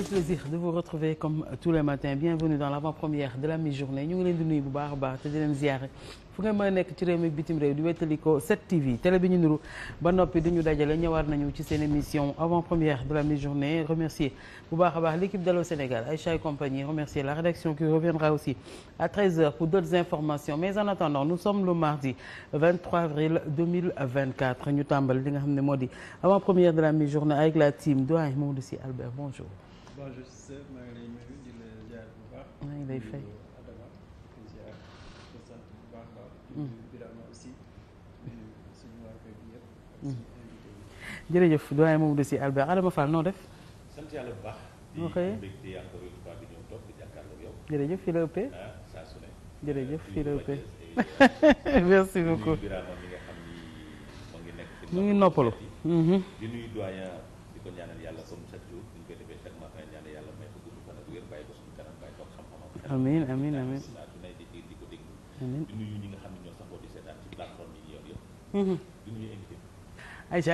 très plaisir de vous retrouver comme euh, tous les matins bienvenue dans l'avant-première de la mi-journée ñu ngi leen di nuyu bu baax a baax te di ziare fu ngeen mën a nekk ci réew bitim réew di wettali ko 7TV télé bi ñu nuru ba noppi di ñu dajale ñëwaat nañu ci seen émission avant-première de la mi remercier bu baax baax l'équipe d'Allo Sénégal Aïcha et compagnie remercier la rédaction qui reviendra aussi à 13h pour d'autres informations moo Bon Justice ngi lay nuyu di la jaar bu fay Adama di jaar di sant bu mm. mm. Albert Adama Fall noo def. sant yàlla bu baax. ok di mbégte encore une fii la ëppee. ah saa euh, fii la ëppee. merci beaucoup mu ngi nekk. noppalu. Mm-hmm. di amiin amiin amiin di nuyu ñi nga xam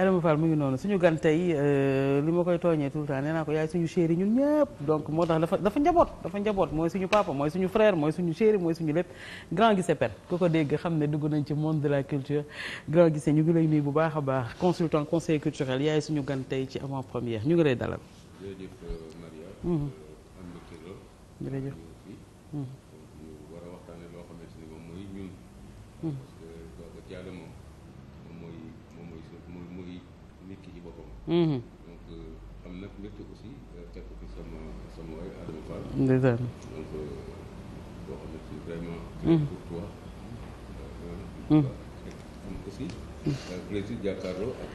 ne mhm. mu ngi noonu suñu gan tey euh, li ma koy tooñee tout le temps nee naa ko yaay suñu chéri ñun ñëpp donc moo tax dafa dafa njaboot dafa njaboot mooy suñu papa mooy suñu frère mooy suñu chéri mooy suñu lépp grand Guissé Pène ku ko dégg xam ne dugg nañ ci monde de la culture grand Guissé ñu ngi lay nuyu bu baax a baax consultant conseil culturel yaay suñu gan tey ci avant première ñu ngi lay dalal. Euh, ñu war a waxtaane loo xamante ni moom mooy ñun hmm. parce que kooku jàll moom moom moom mooy s ki boppam hmm. donc euh, am nag métti aussi fekk euh, fi sama donc euh, boo xamante ni vraiment hmm. pour toi am aussi plaisir jàkkaarloo ak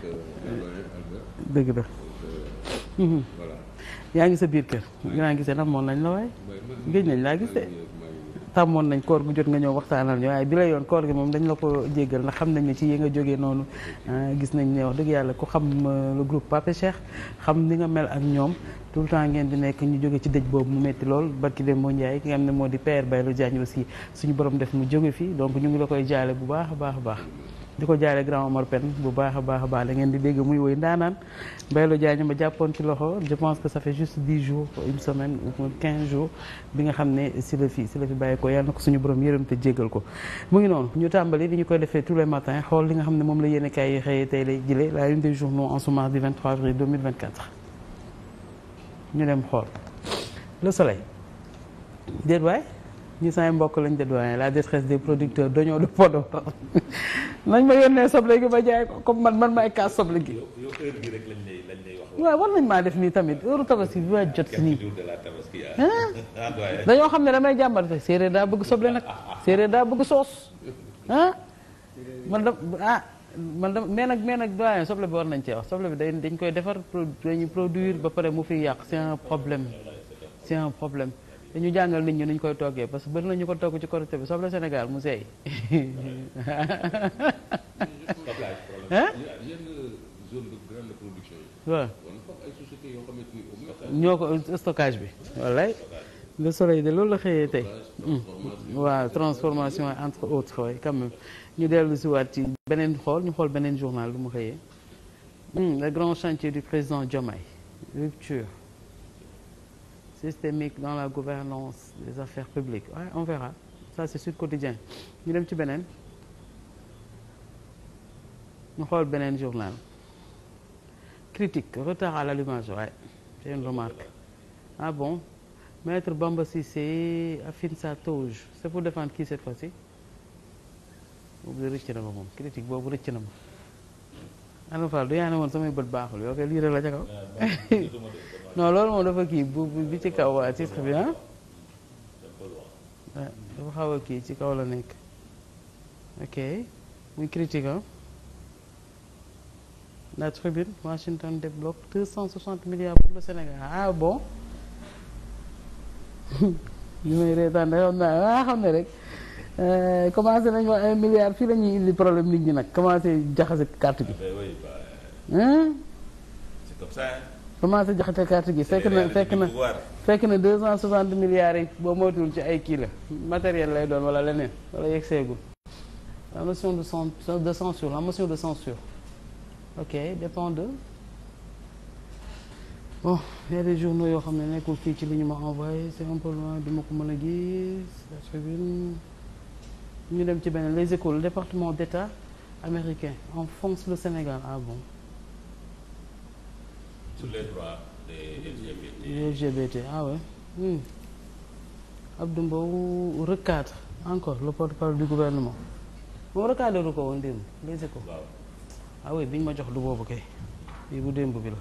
Albert dëgg la yaa ngi sa biir kër dinaa gisee namoon nañ la waaye géej nañ laa gisee tàmmoon nañ koor gu jot nga ñëw waxtaanal ñu waaye bi la yoon koor gi moom dañ la ko jéggal ndax xam nañ ne ci yi nga jógee noonu ah, gis nañ ne wax dëgg yàlla ku xam euh, le groupe Pape Cheikh xam ni nga mel ak ñoom tout le temps ngeen di nekk ñu jóge ci dëj boobu mu metti lool barki dem moo Ndiaye ki nga xam ne moo di père Baylo Diagne aussi suñu borom def mu jóge fi donc ñu ngi la koy jaale bu baax a baax a baax di ko jaaree grand Omar Pène bu baax a baax a baax la ngeen di dégg muy woy ndaanaan Mbaylo Diagne ma jàppoon ci loxo je pense que ça fait juste dix jours une semaine ou quinze jours bi nga xam ne si la fi si bàyyi ko yàlla na ko suñu borom yërëm te jéggal ko. mu ngi noonu ñu tàmbali li ñu koy defee tous les matins xool li nga xam ne moom la yéen a kaay xëyee tey lay jëlee la une des journaux en ce mardi 23 avril 2024 ñu dem xool le soleil déet ñu samay mbokk lañ déet waay la détresse des producteurs d'oignons de Podor nañ ma yónnee soble gi ma jaay ko comme man man maay kaas soble gi. yow heure war nañ maa def nii tamit heure tabaski bi ma jot si nii. Ah. Ah, dañoo xam ne damay jàmbat fekk séeréer daa bëgg soble nag séeréer daa bëgg soos man da ah man da mais nag mais nag doyen soble bi war nañ cee wax soble bi day dañ koy defar dañuy produire ba pare mu fi yàq see un problème c'est un problème. dañu jàngal nit ñi nuñ koy toggee parce que bëri na ko togg ci korité bi soble Sénégal mu seey. waaw ñoo ko stockage bi wallay le soleil de loolu la xëyee tey hmm. waa transformation entre autres waaye quand même ñu dellu si waat ci beneen xool ñu xool beneen journal lu mu xëyee hmm, le grand chantier du président jomay rupture systémique dans la gouvernance des affaires publiques ouais, on verra ça c'est Sud Quotidien ñu dem ci beneen ñu xool beneen journal critique retard à l'allumage ouais une remarque ah bon maître Bamba Cissé affine sa toge c'est pour défendre qui cette fois-ci boobu rëcc na ma moom critique boobu rëcc na ma Anna Fall du yaa ne woon samay bët baaxul yow kay lii rek la ca non loolu moom dafa kii bu bi ci kaw waa titre bi ah. dafa xaw a kii ci kaw la nekk. ok muy critique ah. La Tribune Washington débloque 260 pour le Sénégal ah bon. li may reetaan da xam naa ah, xam ne rek euh, commencé nañ wax un milliard fii la ñuy indi problème nit ñi nag commencé jaxase carte bi. commencé joxate carte gi fekk na fekk na fekk na deux cent soixante milliards yi boo moytuwul ci ay kii la matériel lay doon wala leneen wala yegg seegul la motion de censure de censure la motion de censure ok dépend de bon y a des journaux yoo xam ne nekkul fii ci li ñu ma envoyé c'est un peu loin duma ko mën a gis la tribune ñu dem ci beneen les écoles le département d'état américain enfonce le Sénégal ah bon sur les droits des LGBT. LGBT ah ouais. oui hmm. Abdou Mbow recadre encore le porte-parole du gouvernement moom recadre lu ko woon démb les échos. waaw ah oui bi ñu ma jox du boobu kay bii bu démb bi la.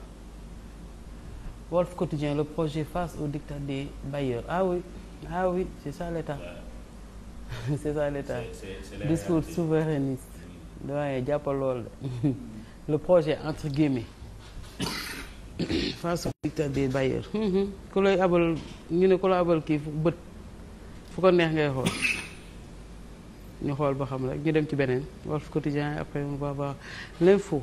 Wolf Quotidien le projet face au diktat des bailleurs ah oui ah oui c'est ça l'État ouais. c'est ça l'État discours souverainiste doyen jàppal lool de le projet entre face au dictat des bailleurs. Mm-hmm. ku lay abal ñu ne ku la abal kii bët fu ko neex ngay xool ñu xool ba xam rek ñu dem ci beneen Walf Quotidien après on va voir l'info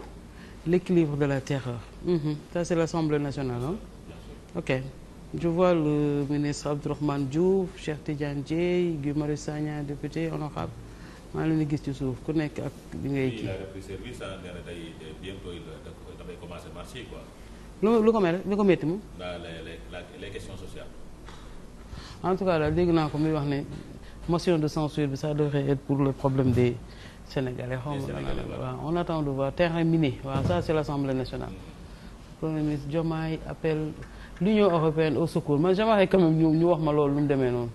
l'équilibre de la terreur. Mm-hmm. ça c'est l'Assemblée nationale ah. ok je vois ministre Abdourahmane Diouf Cheikh Tidiane Dièye Guy Marius Sagna député honorable maa leen gis ci suuf ku nekk ak li ngay kii. a lu lu ko métti moom. en tout cas daal dégg naa ko muy wax ne motion de censure bi ça devrait être pour le problème des sénégalais. xaw ma waaw on attend de voir terrain miné waaw ça c'est l'Assemblée nationale. Mm-hmm. premier ministre Diomaye appelle l'Union européenne au secours man j'aimerais quand ñu wax ma loolu lu mu demee noonu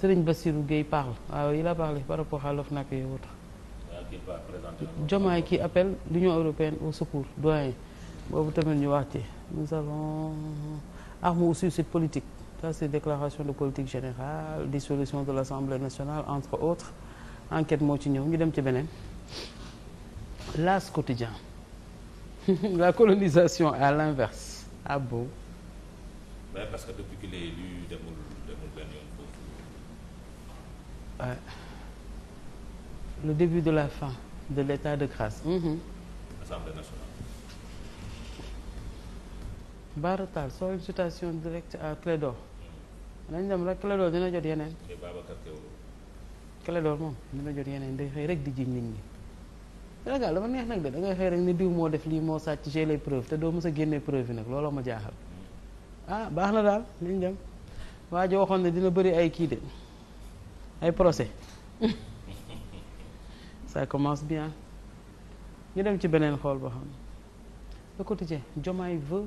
Serigne Bassirou Gueye parle waaw ah, il a parlé par rapport à l'OFNAC et autres. Ah, Diomaye qui appelle l'Union européenne au secours boobu tamit ñu wax ci nous allons arme au suicide politique ça c'est déclaration de politique générale dissolution de l'Assemblée nationale entre autres enquête moo ci ñëw ñu dem ci beneen l'As quotidien la colonisation à l'inverse ah bon que le début de la fin de l'état de grâce. Mmh. Baratal sollicitation directe à Clédor dañ dem rek Clédor dina jot yeneen. Clédor moom dina jot yeneen day xëy rek di jiñ nit ñi. Sénégal dafa neex nag de da ngay xëy rek ni diw moo def lii moo sàcc j'ai les preuves te doo mës a génne preuve yi nag looloo ma jaaxal. ah baax na daal liñ dem waa ji waxoon ne dina bëri ay kii de ay procès ça commence bien ñu dem ci beneen xool boo xam ne le quotidien Diomaye veut.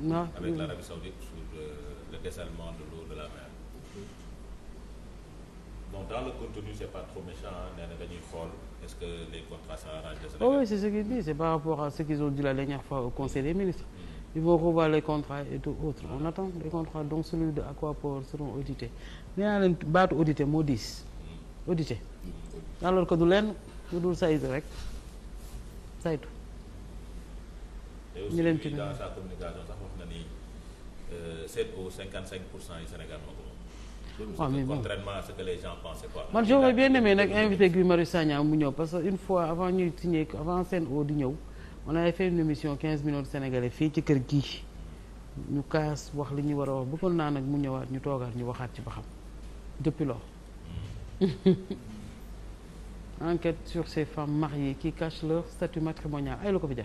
Non. avec l'Arabie Saoudite c'est ce que dit, c'est par rapport à ce qu'ils ont dit la dernière fois au Conseil des ministres. Mm. Ils vont revoir les contrats et tout autre. On attend les contrats dont celui de Aquaport seront audités. Nee naa leen baatu audité moo mm. Mm, Alors que du leen lu dul saytu rek saytu. ñu leen ci dans euh, pour cent yu Sénégal moo ko moom. man j'aurais bien aimé nag invité Guy Marius Sagna mu ñëw parce que une fois avant ñuy signé avant Sen'Eau di ñëw on avait fait une émission 15 millions de fii ci kër gii ñu kaas wax li ñuy war a wax bëggoon naa nag mu ñëwaat ñu toogaat ñu waxaat ci ba xam depuis lors. Hmm. enquête sur ces femmes mariées qui cachent leur statut matrimonial ay la ko fi jaay.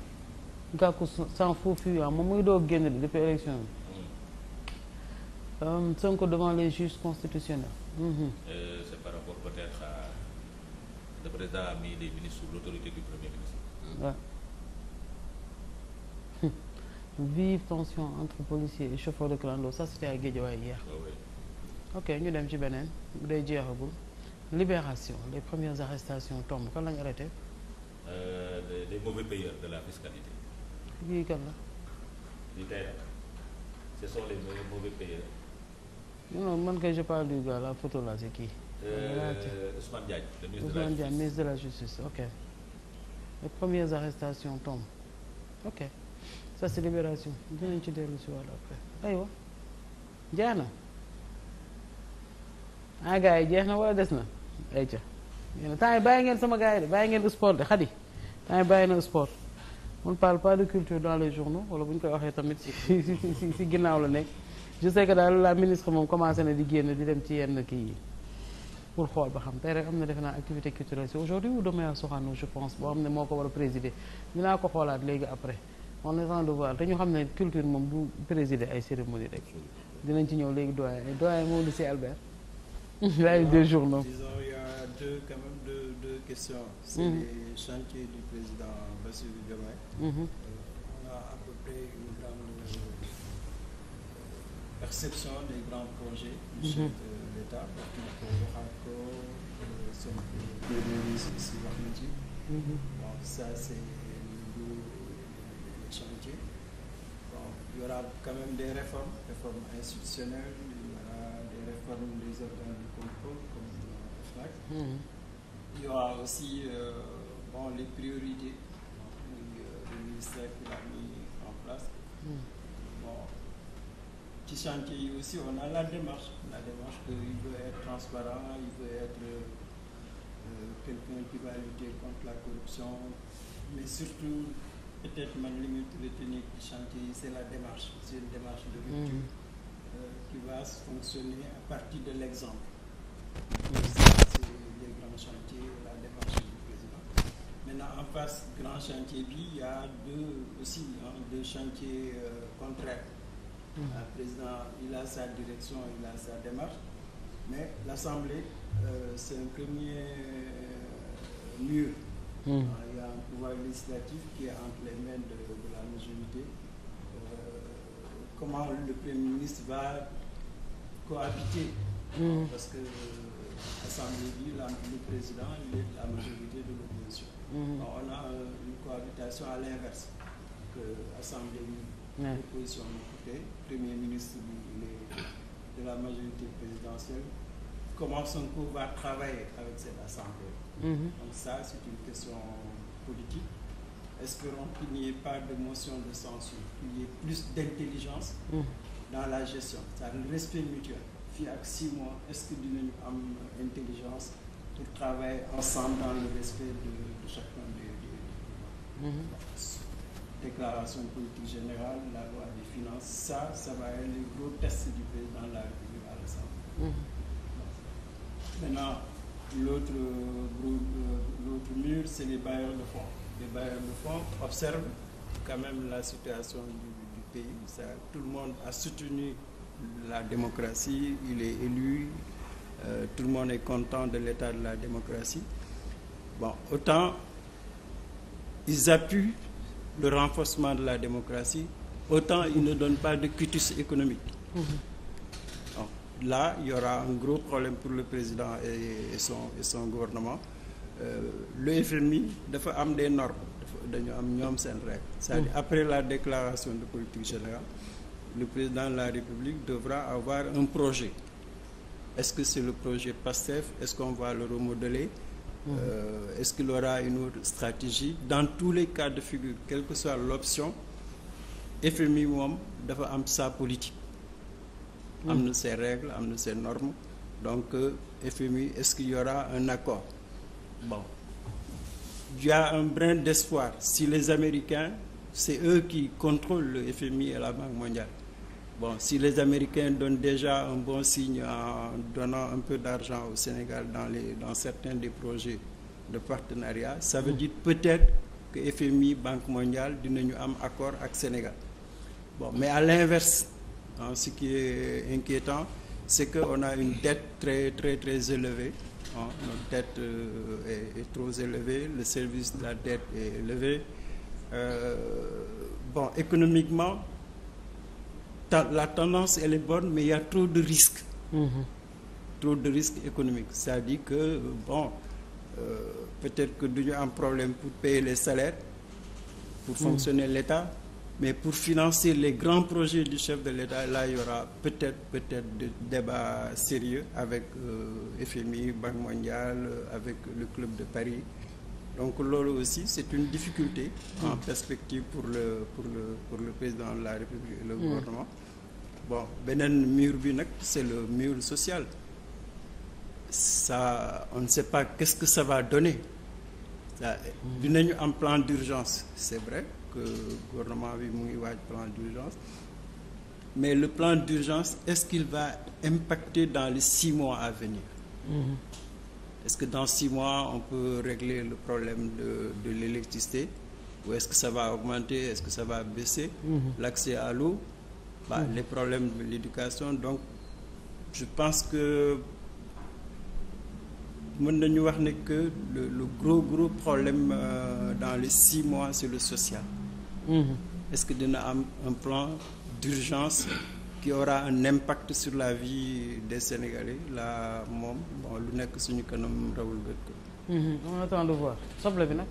Gakou s'en fout fuyant ah, moom muy doo génn depuis élection bi hmm. um, Sonko devant les juges constitutionnels. Mm-hmm. Euh, c'est par rapport peut-être à le président a vive tension entre policiers et chauffeurs de clando ça c'était à Guédiawaye hier. Ah ok ñu dem ci beneen bu dee jeexagul libération les premières arrestations tombent kan lañu arrêté. Euh, ñuy kan la. ñu tey nag ce man kay je parle du gars la photo là c'est qui. Euh, ah, Ousmane Diagne le ministre Ousmane de la justice Ousmane Diagne ministre de la justice ok. dinañ ci dellu si wàllu après aywa jeex na ah gars yi jeex na wala des na ca temps yi bàyyi ngeen sama gars yi de bàyyi ngeen sport de xadi temps yi bàyyi na sport. on parle pas de culture dans les journaux wala bu ñu koy waxee tamit si si si ginnaaw la nekk je sais que daal la ministre moom commencé na di génn di dem ci yenn kii yi pour xool ba xam tey rek am na defe naa activité culturelle si aujourd'hui ou demain à Sorano je pense boo xam ne moo ko war a présider dinaa ko xoolaat léegi après on est en devoir te ñu xam ne culture moom du présider ay cérémonie rek dinañ ci ñëw léegi doyen doyen moom lycée Albert waaye deux journaux deux quand même deux deux questions mm-hmm. c'est les chantiers on a à peu une grande euh, perception des grands projets du chef l'État wax na ko waxaat ko som si wax na ci bon ça c'est le chantier bon il y aura quand même des réformes réformes institutionnelles il aura des réformes des organes comme la FNAC mhm. il aussi euh, bon les priorités ministère qu'il a mis en place. Hmm. Bon, petit chantier aussi, on a la démarche. La démarche qu'il veut être transparent, il veut être euh, quelqu'un qui va lutter contre la corruption, mais surtout, peut-être man li muy retenir ci chantier yi c'est la démarche c'est une démarche de rupture hmm. euh, qui va fonctionner à partir de l'exemple. Hmm. Ça, c'est les grands maintenant en face grand chantier bi il y a deux aussi hein, deux chantiers euh, mmh. président il a sa direction il a sa démarche mais l'assemblée euh, c'est un premier euh, mur mmh. hein, il y a un pouvoir législatif qui est entre les mains de, la majorité euh, comment le premier ministre va cohabiter mmh. parce que l'assemblée bi président la majorité de Bon, mhm. on a euh, une cohabitation à l'inverse que euh, l'Assemblée l'opposition d'un côté premier ministre de la majorité présidentielle comment Sonko va travailler avec cette assemblée mhm. donc ça c'est une question politique espérons qu'il n'y ait pas de motion de censure qu'il y ait plus d'intelligence mm dans la gestion c'est respect mutuel fii ak six mois est-ce que dinañu intelligence pour travailler ensemble dans le respect de, chacun des, des mm politique générale, la loi des finances, ça, ça va être le gros test du président de la République à l'Assemblée. Mm -hmm. Maintenant, l'autre euh, l'autre mur, c'est les bailleurs de fonds. Les bailleurs de fonds observent quand même la situation du, pays. tout le monde a soutenu la démocratie, il est élu, euh, tout le monde est content de l'état de la démocratie. Bon, autant ils appuient le renforcement de la démocratie, autant ils ne donnent pas de cutus économique. Mmh. Donc, là, il y aura un gros problème pour le président et, son, son gouvernement. Euh, le FMI dafa am des normes dañu am ñoom seen règle c'est-à-dire mm. après la déclaration de politique générale le président de la République devra avoir un projet Est-ce que c'est le projet PASTEF Est-ce qu'on va le remodeler mmh. euh, Est-ce qu'il aura une autre stratégie Dans tous les cas de figure, quelle que soit l'option, FMI moom dafa am sa politique. Mmh. am na ses règles am na ses normes donc euh, FMI est-ce qu'il y aura un accord bon il y a un brin d'espoir si les Américains c'est eux qui contrôlent le FMI et la Banque mondiale Bon, si les Américains donnent déjà un bon signe en donnant un peu d'argent au Sénégal dans, les, dans certains des projets de partenariat, ça veut dire peut-être que FMI, Banque mondiale, dinañu am accord ak Sénégal. Bon, mais à l'inverse, hein, ce qui est inquiétant, c'est qu'on a une dette très, très, très élevée. Hein. Notre dette euh, est, le service de la dette est élevé. Euh, économiquement, la tendance elle est bonne mais il y a trop de risques. Mmh. trop de risques économique c'est-à-dire que bon euh, peut-être que du ñu am problème pour payer les salaires. pour mm. fonctionner mmh. l'État mais pour financer les grands projets du chef de l'État là il y aura peut-être peut-être des débats sérieux avec euh, FMI Banque mondiale euh, avec le Club de Paris. donc loolu aussi c' est une difficulté en mm. perspective pour le pour le pour le président de la République et le mm. gouvernement bon beneen mur bi nag est le mur social ça on ne sait pas qu'est-ce que ça va donner ça dinañu am plan d'urgence c'est vrai que gouvernement bi mu ngi waaj plan d'urgence mais le plan d'urgence est-ce qu'il va impacter dans les six mois à venir mm-hmm. Est-ce que dans six mois, on peut régler le problème de, de l'électricité Ou est-ce que ça va augmenter Est-ce que ça va baisser mmh. L'accès à l'eau bah, mmh. Les problèmes de l'éducation. Donc, je pense que. Nous avons que le, le, gros, gros problème euh, dans les six mois, c'est le social. Mmh. Est-ce que nous avons un plan d'urgence qui aura un impact sur la vie des Sénégalais la moom bon lu nekk suñu kanam rawul bët ko. Mhm, on attend de voir soble bi nag.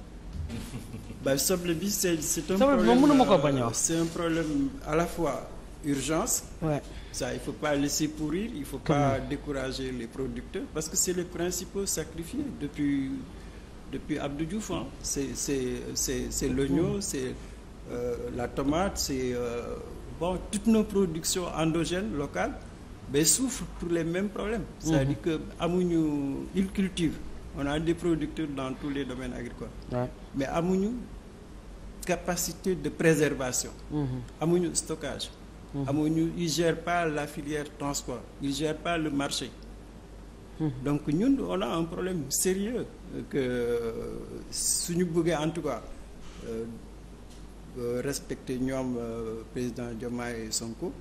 ba soble bi c' est c' un problème soble bi mënuma ko euh, bañ un problème à la fois urgence. Ouais. ça il faut pas laisser pourrir il faut Comme pas même. décourager les producteurs parce que c'est les principaux sacrifiés depuis depuis Abdou Diouf c'est c'est c'est c'est l'oignon c'est euh, la tomate c'est euh, bon toutes nos productions endogènes locales ben souffrent pour les mêmes problèmes c'est-à-dire mmh. que amuñu ils cultivent on a des producteurs dans tous les domaines agricoles ouais. mais amuñu capacité de préservation mmh. amuñu mmh. stockage amuñu ils gèrent pas la filière transport ils gèrent pas le marché mmh. donc ñun on a un problème sérieux que suñu bëggee en tout cas euh, Euh, respecter ñoom euh, président joma et Sonko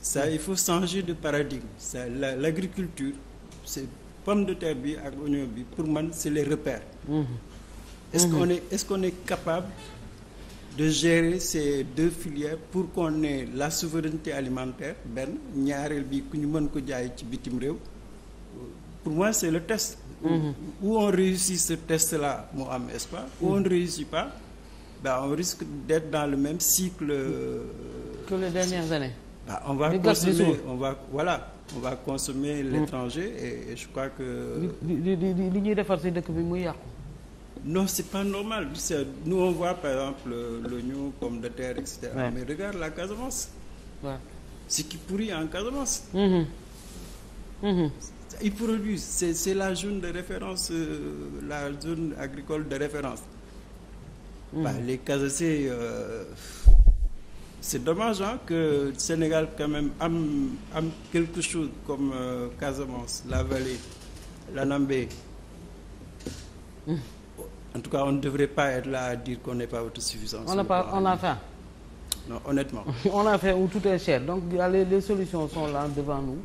ça il faut changer de paradigme ça la l' agriculture c'est pomme de terre bi ak oignon bi pour man c'est les repères mm-hmm. mm-hmm. est-ce qu'on est est-ce qu'on capable de gérer ces deux filières pour qu'on ait la souveraineté alimentaire benn ñaareel bi ku ñu mën ko jaay ci bitim réew pour moi c'est le test mm-hmm. où on réussit ce test là moo am n'est-ce on réussit pas bah, on risque d'être dans le même cycle. que euh, les dernières années. on va consommer mm. l'étranger et, je crois que. li li ñuy defar si dëkk bi muy yàqu. non c'est pas normal nous on par exemple euh, l'oignon pomme de terre et mais regarde la Casamance. qui pourrit en Casamance. Mmh. Mmh. c'est la zone de référence euh, la zone agricole de référence. Bah, mm. les Casassés euh, c'est dommage hein, que Sénégal quand am am quelque chose comme euh, Casamance la vallée l'Anambé mmh. tout cas on ne devrait pas être là à dire qu'on n'est pas autosuffisant on n'a pas on a faim non honnêtement on a faim où tout est cher donc les, les solutions sont là devant nous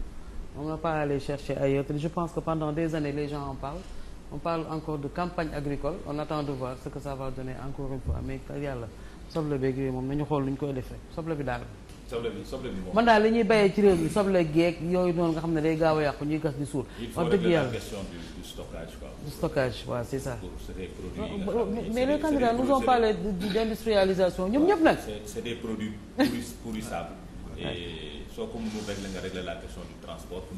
on n'a pas à aller chercher ailleurs je pense que pandan des années les gens en on parle encore de campagne agricole on attend de voir ce que ça va donner encore une fois mais yàlla soble beeg yooyu moom nañu xool lu ñu koy defee soble bi daal. soble bi soble bi moom man daal li ñuy béyee ci réew mi soble geeg yooyu noonu nga xam ne day gaaw a yàqu ñuy gas di suul. wax dëgg yàlla il faut régler la stockage quoi. du stockage waaw c'est ça. mais les candidats nous ont parlé d'industrialisation ñoom ñëpp nag. c'est la question du transport pour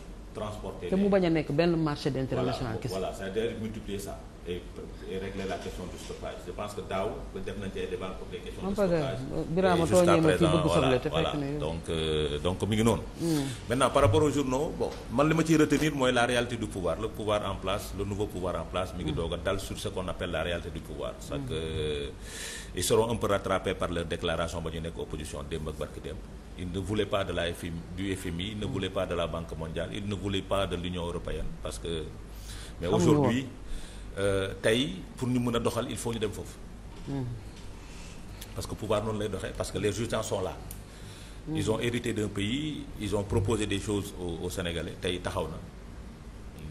transporter. te mu bañ a nekk benn marché d' intérêt national. voilà c'est-à-dire multiplier ça la que daaw def te fekk na donc euh, mi ngi noonu. Hmm. maintenant par rapport aux journaux bon man li ma ci retenir mooy la réalité du pouvoir le pouvoir en place le nouveau pouvoir en place mi ngi hmm. doog a dal sur ce qu'on appelle la réalité du pouvoir. c'est hmm. que euh, ils seront un peu rattrapés par leur déclaration ba ñu nekk opposition démb barki démb. il ne voulait pas de la FMI, du FMI, il ne voulait pas de la Banque mondiale, il ne voulait pas de l'Union européenne. Parce que, mais aujourd'hui, euh, pour nous mener il faut nous dem hmm. Parce que pouvoir nous parce que les gens sont la hmm. Ils ont hérité d'un pays, ils ont proposé des choses aux, aux Sénégalais.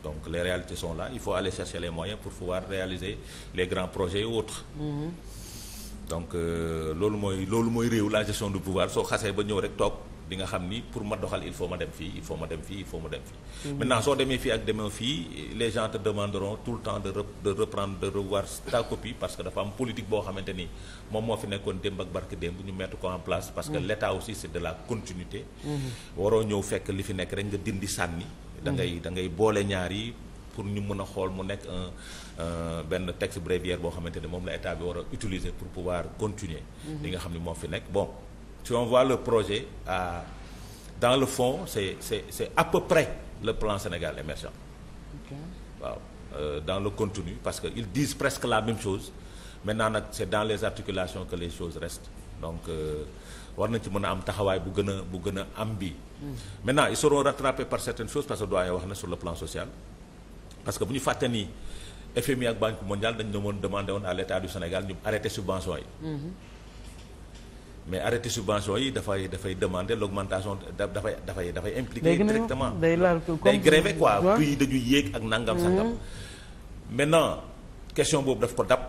Donc les réalités sont là, il faut aller chercher les moyens pour pouvoir réaliser les grands projets et autres. Hmm. donc euh, loolu mooy loolu mooy réew la gestion du pouvoir soo xasee ba ñëw rek toog di nga xam ni pour ma doxal il faut ma dem fii il faut ma dem fii il faut ma dem fii. Mhm. maintenant soo demee fii ak demee fii les gens te demanderont tout le temps de de reprendre de revoir ta copie parce que dafa am politique boo xamante ni moom moo fi nekkoon démb ak barke démb ñu mettre ko en place. parce que mhm. l' état aussi c' est de la continuité. Mhm. waroo ñëw fekk li fi nekk rek nga dindi sànni. da ngay da ngay boole ñaar yi pour ñu mën a xool mu nekk Euh, benn texte bréviaire boo xamante ne moom la état bi war a utiliser pour pouvoir continuer. Mhm. li nga xam ne moo fi nekk bon si on le projet à dans le fond c'est c'est c'est à peu près le plan Sénégal émergent. waaw euh, dans le contenu parce que ils disent presque la même chose maintenant nag c'est dans les articulations que les choses restent donc euh, war na ci mën a am taxawaay bu gën a bu gën a am bi mhm. maintenant ils seront rattrapés par certaines choses parce que doyen wax na sur le social FMI ak Banque mondial dañu doon demande woon à l' état du Sénégal ñu arrêté subvention yi. Mm-hmm. mais arrêté subvention yi dafay dafay demander l' augmentation dafay dafay dafay impliqué directement day laal day grévé quoi prix dañuy yéeg ak nangam mm-hmm. maintenant question boobu daf ko dab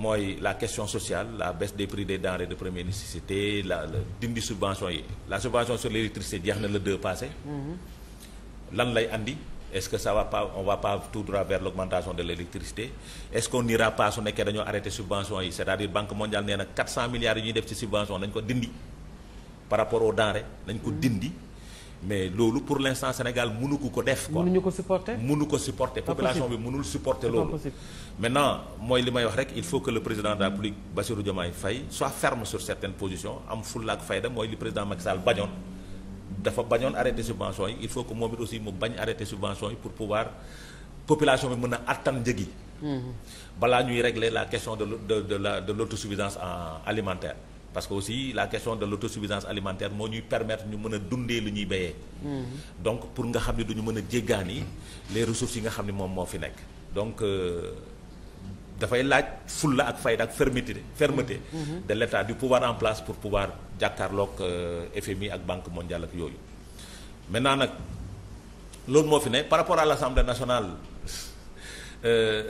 mooy la question sociale la baisse des prix des denrées de première nécessité la dindi subvention yi la subvention sur l' électricité jeex na le deux passé. Mm-hmm. lan lay andi. est-ce que ça va pas on va pas tout droit vers l'augmentation de l'électricité est-ce qu'on n'ira pas su nekkee dañoo arrêté subvention yi c'est-à-dire banque mondiale nee milliards yi ñuy def ci subvention nañ ko dindi par rapport aux denrées nañ ko dindi mais loolu pour l'instant Sénégal mënu ko ko def quoi mënuñu ko supporter mënu ko supporter population bi mënul supporter loolu maintenant mooy li may wax rek il faut que le président de la République Bassirou Diomaye Faye soit am fulla ak mooy li président Macky Sall bañoon dafa bañoon arrêté subvention yi il faut que moom it aussi mu bañ arrêté subvention yi pour pouvoir population bi mën a attan njëg yi. Mm-hmm. balaa ñuy régler la question de de de la de l'autosuffisance en alimentaire parce que aussi la question de l'autosuffisance alimentaire moo ñuy permetre ñu mën a dundee lu ñuy béyee. Mm-hmm. donc pour nga xam ne duñu mën a jéggaani les ressources yi nga xam ne moom moo fi nekk donc. Euh, dafay laaj fulla ak fayda ak fermeté fermeté mhm. Mhm. de l'état du pouvoir en place pour pouvoir jàkkaarloog euh, FMI ak banque mondiale ak yooyu maintenant nag loolu moo fi ne par rapport à l'Assemblée nationale euh,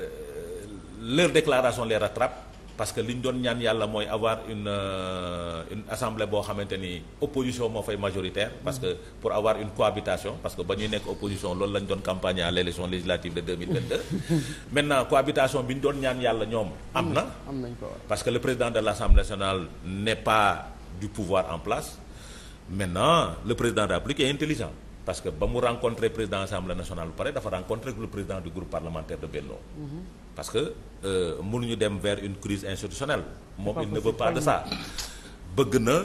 leur déclaration les rattrape parce que li ñu doon ñaan yàlla mooy avoir une euh, une assemblée boo xamante ni opposition moo fay majoritaire. parce que pour avoir une cohabitation parce que ba ñuy nekk opposition loolu la ñu doon campagne à l' élection législative de 2022. maintenant cohabitation bi ñu doon ñaan yàlla ñoom. am na am nañ ko parce que le président de l' assemblée nationale n' est pas du pouvoir en place maintenant le président de la République est intelligent. parce que ba mu rencontré président assemblée nationale bu pare dafa rencontré le parce que euh, mënuñu dem vers une crise institutionnelle moom il ne veut de ça bëgg na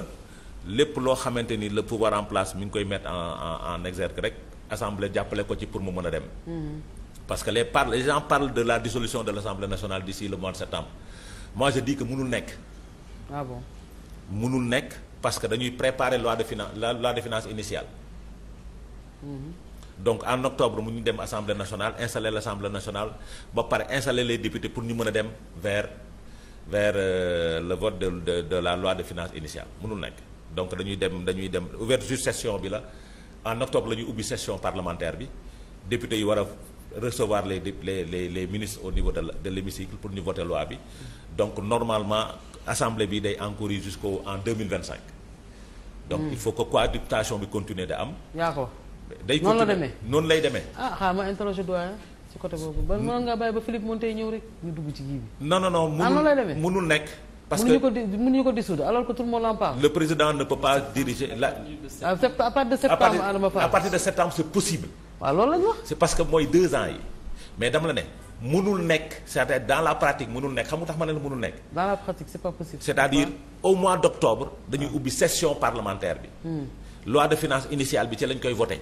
lépp loo xamante ni le pouvoir en place mi ngi koy mettre en en exergue rek assemblée jàppale ko ci pour mu mën a dem mm-hmm. parce que les par les gens de la dissolution de l'Assemblée nationale d'ici le mois de septembre moi je dis que nekk ah mënul nekk parce que dañuy préparer loi de finance la loi de finance initiale mm-hmm. donc en octobre mu ñu dem assemblée nationale installer l'assemblée nationale ba pare installer les députés pour ñu mën a dem vers ver euh, le vote de, de de la loi de finance initiale mënul nekk donc dañuy dem dañuy dem ouverture session bi la en octobre la ñuy ubbi session parlementaire bi député yi war a recevoir les les les les ministres au niveau de la, de l'hémicycle pour ñu voter loi bi donc normalement assemblée bi day encourir jusqu'au en 2025 donc mm. il faut que cohabitation bi continuer de am yaa ko day noonu la demee noonu lay demee. ah xaaral ma interroger doyen ci côté boobu ba mënoon ngaa bàyyi ba Philippe Montey ñëw rek ñu dugg ci kii bi. non non non ah, mënul lay demee mënul nekk. parce que mënuñu la. Ah, à partir de de septembre c'est possible. waaw loolu la ñu c'est parce que mooy deux ans yi mais dama la ne mënul nekk c'est-à-dire dans la pratique mënul nekk xam nga tax ma ne la nekk. dans la pratique c'est pas possible. c'est-à-dire au mois d'octobre dañuy ubbi session parlementaire bi. Hmm. loi de finance initiale bi ci lañ koy voté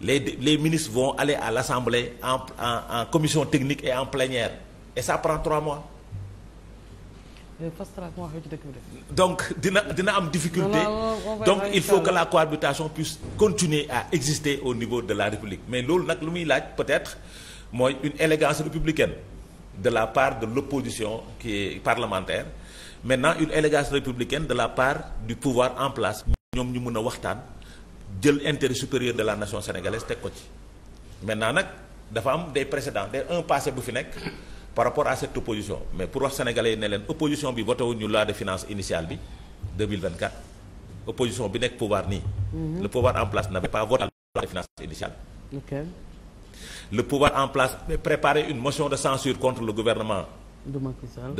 les les ministres vont aller à l'assemblée en en en commission technique et en plénière et ça prend trois mois. donc dina dina am difficulté donc il faut que la cohabitation puisse continuer à exister au niveau de la République mais loolu nag lu muy laaj peut-être mooy une élégance républicaine de la part de l'opposition qui est parlementaire maintenant une élégance républicaine de la part du pouvoir en place ñoom ñu mën a waxtaan jël intérêt supérieur de la nation sénégalaise teg ko ci maintenant nag dafa am des précédents des un passé bu fi nekk par rapport à cette opposition mais pour wax sénégalais yi ne leen opposition bi voté wu ñu loi de finance initiale bi 2024 opposition bi nekk pouvoir nii. Mhm. le pouvoir en place n'avait pas voté la loi de finance initiale. Okay. le pouvoir en place préparé une motion de censure contre le gouvernement. de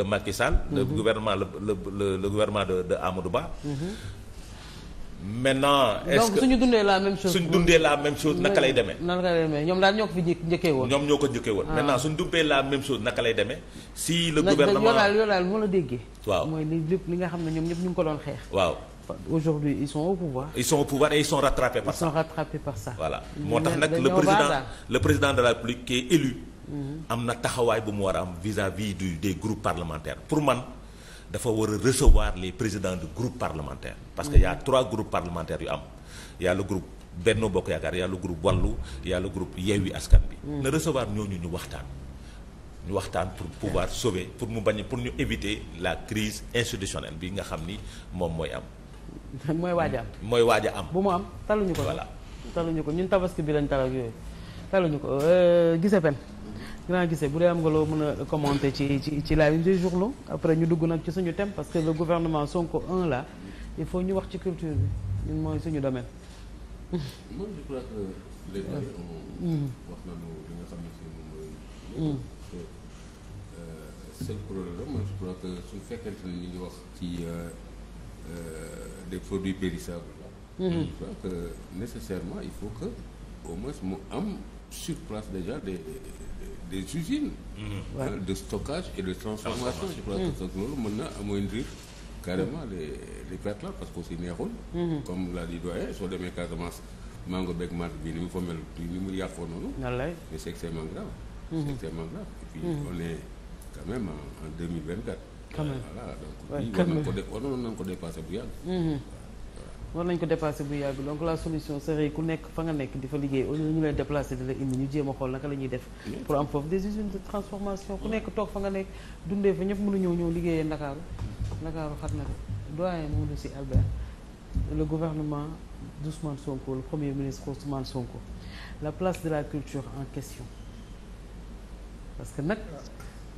Macky Sall de mhm. gouvernement le maintenant est-ce que dundee la même chose la même chose naka lay demee. naka lay demee ñoom daal ñoo ko fi njëkkee woon. ñoom ñoo ko njëkkee woon maintenant suñu dundee la même chose naka lay demee. si le gouvernement yoo daal yoo moo xam ne ñoom ñëpp ñu ngi ko doon xeex. waaau aujourd'hui ils sont au pouvoir. ils sont au pouvoir et moo tax nag le président le président de la République qui élu. Mm-hmm. am na taxawaay bu mu war a am vis-à-vis du des groupes parlementaires pour man. dafa war a recevoir les présidents de groupe parlementaire parce que y a trois groupes parlementaires yu am y a le groupe Benno Bokk Yaakaar y groupe Wallu y a le groupe Yewwi Askan Wi mm. na recevoir ñooñu ñu waxtaan ñu waxtaan pour pouvoir sauver pour mu bañ pour ñu éviter la crise institutionnelle bi nga xam ni moom mooy am mooy waaj am mm. mooy waaja am bu mu am ñu ko voilà ñu ko ñun tabaski bi lañ talak yooyu taluñu ko euh, gise pen dinaa gisee bu dee am nga loo mën a commenter ci ci ci live du jour la après ñu dugg nag ci suñu thème parce que le son Sonko 1 là il faut ñu wax ci culture bi ñun mooy suñu domaine. man je crois que les gens mm. wax nañu li nga xam ne mooy. Mm. Euh, seul problème la man ñu ngi wax ci euh, euh, des produits périssables là. Mm-hmm. je crois que nécessairement il faut moins mu am sur place déjà des. Mhm. de stockage et de transformation. je crois que mhm. loolu mën na amoindrir carrément les les pertes là parce que aussi neexul. Mhm. comme l'a dit doyen soo demee Casamance mango beeg màgg bi ni mu fa ni mu yàqoo noonu. wallaay mais c'est extrêmement grave. c'est extrêmement grave et puis en en deux mille waaw quand même war ko dépasser bu yàgg. war nañ ko dépassé bu yàgg donc la solution serait ku nekk fa nga nekk di fa liggéey au lieu ñu lay déplacé di la indi ñu jéem a xool naka la ñuy def pour am foofu des usines de transformation ku nekk toog fa nga nekk dundee fa ñëpp mënu ñëw ñëw liggéeyee Ndakaaru Ndakaaru xat na ko doyen Mamadou Sy Albert le gouvernement d'Ousmane Sonko le premier ministre Ousmane la place de la culture en question parce que nag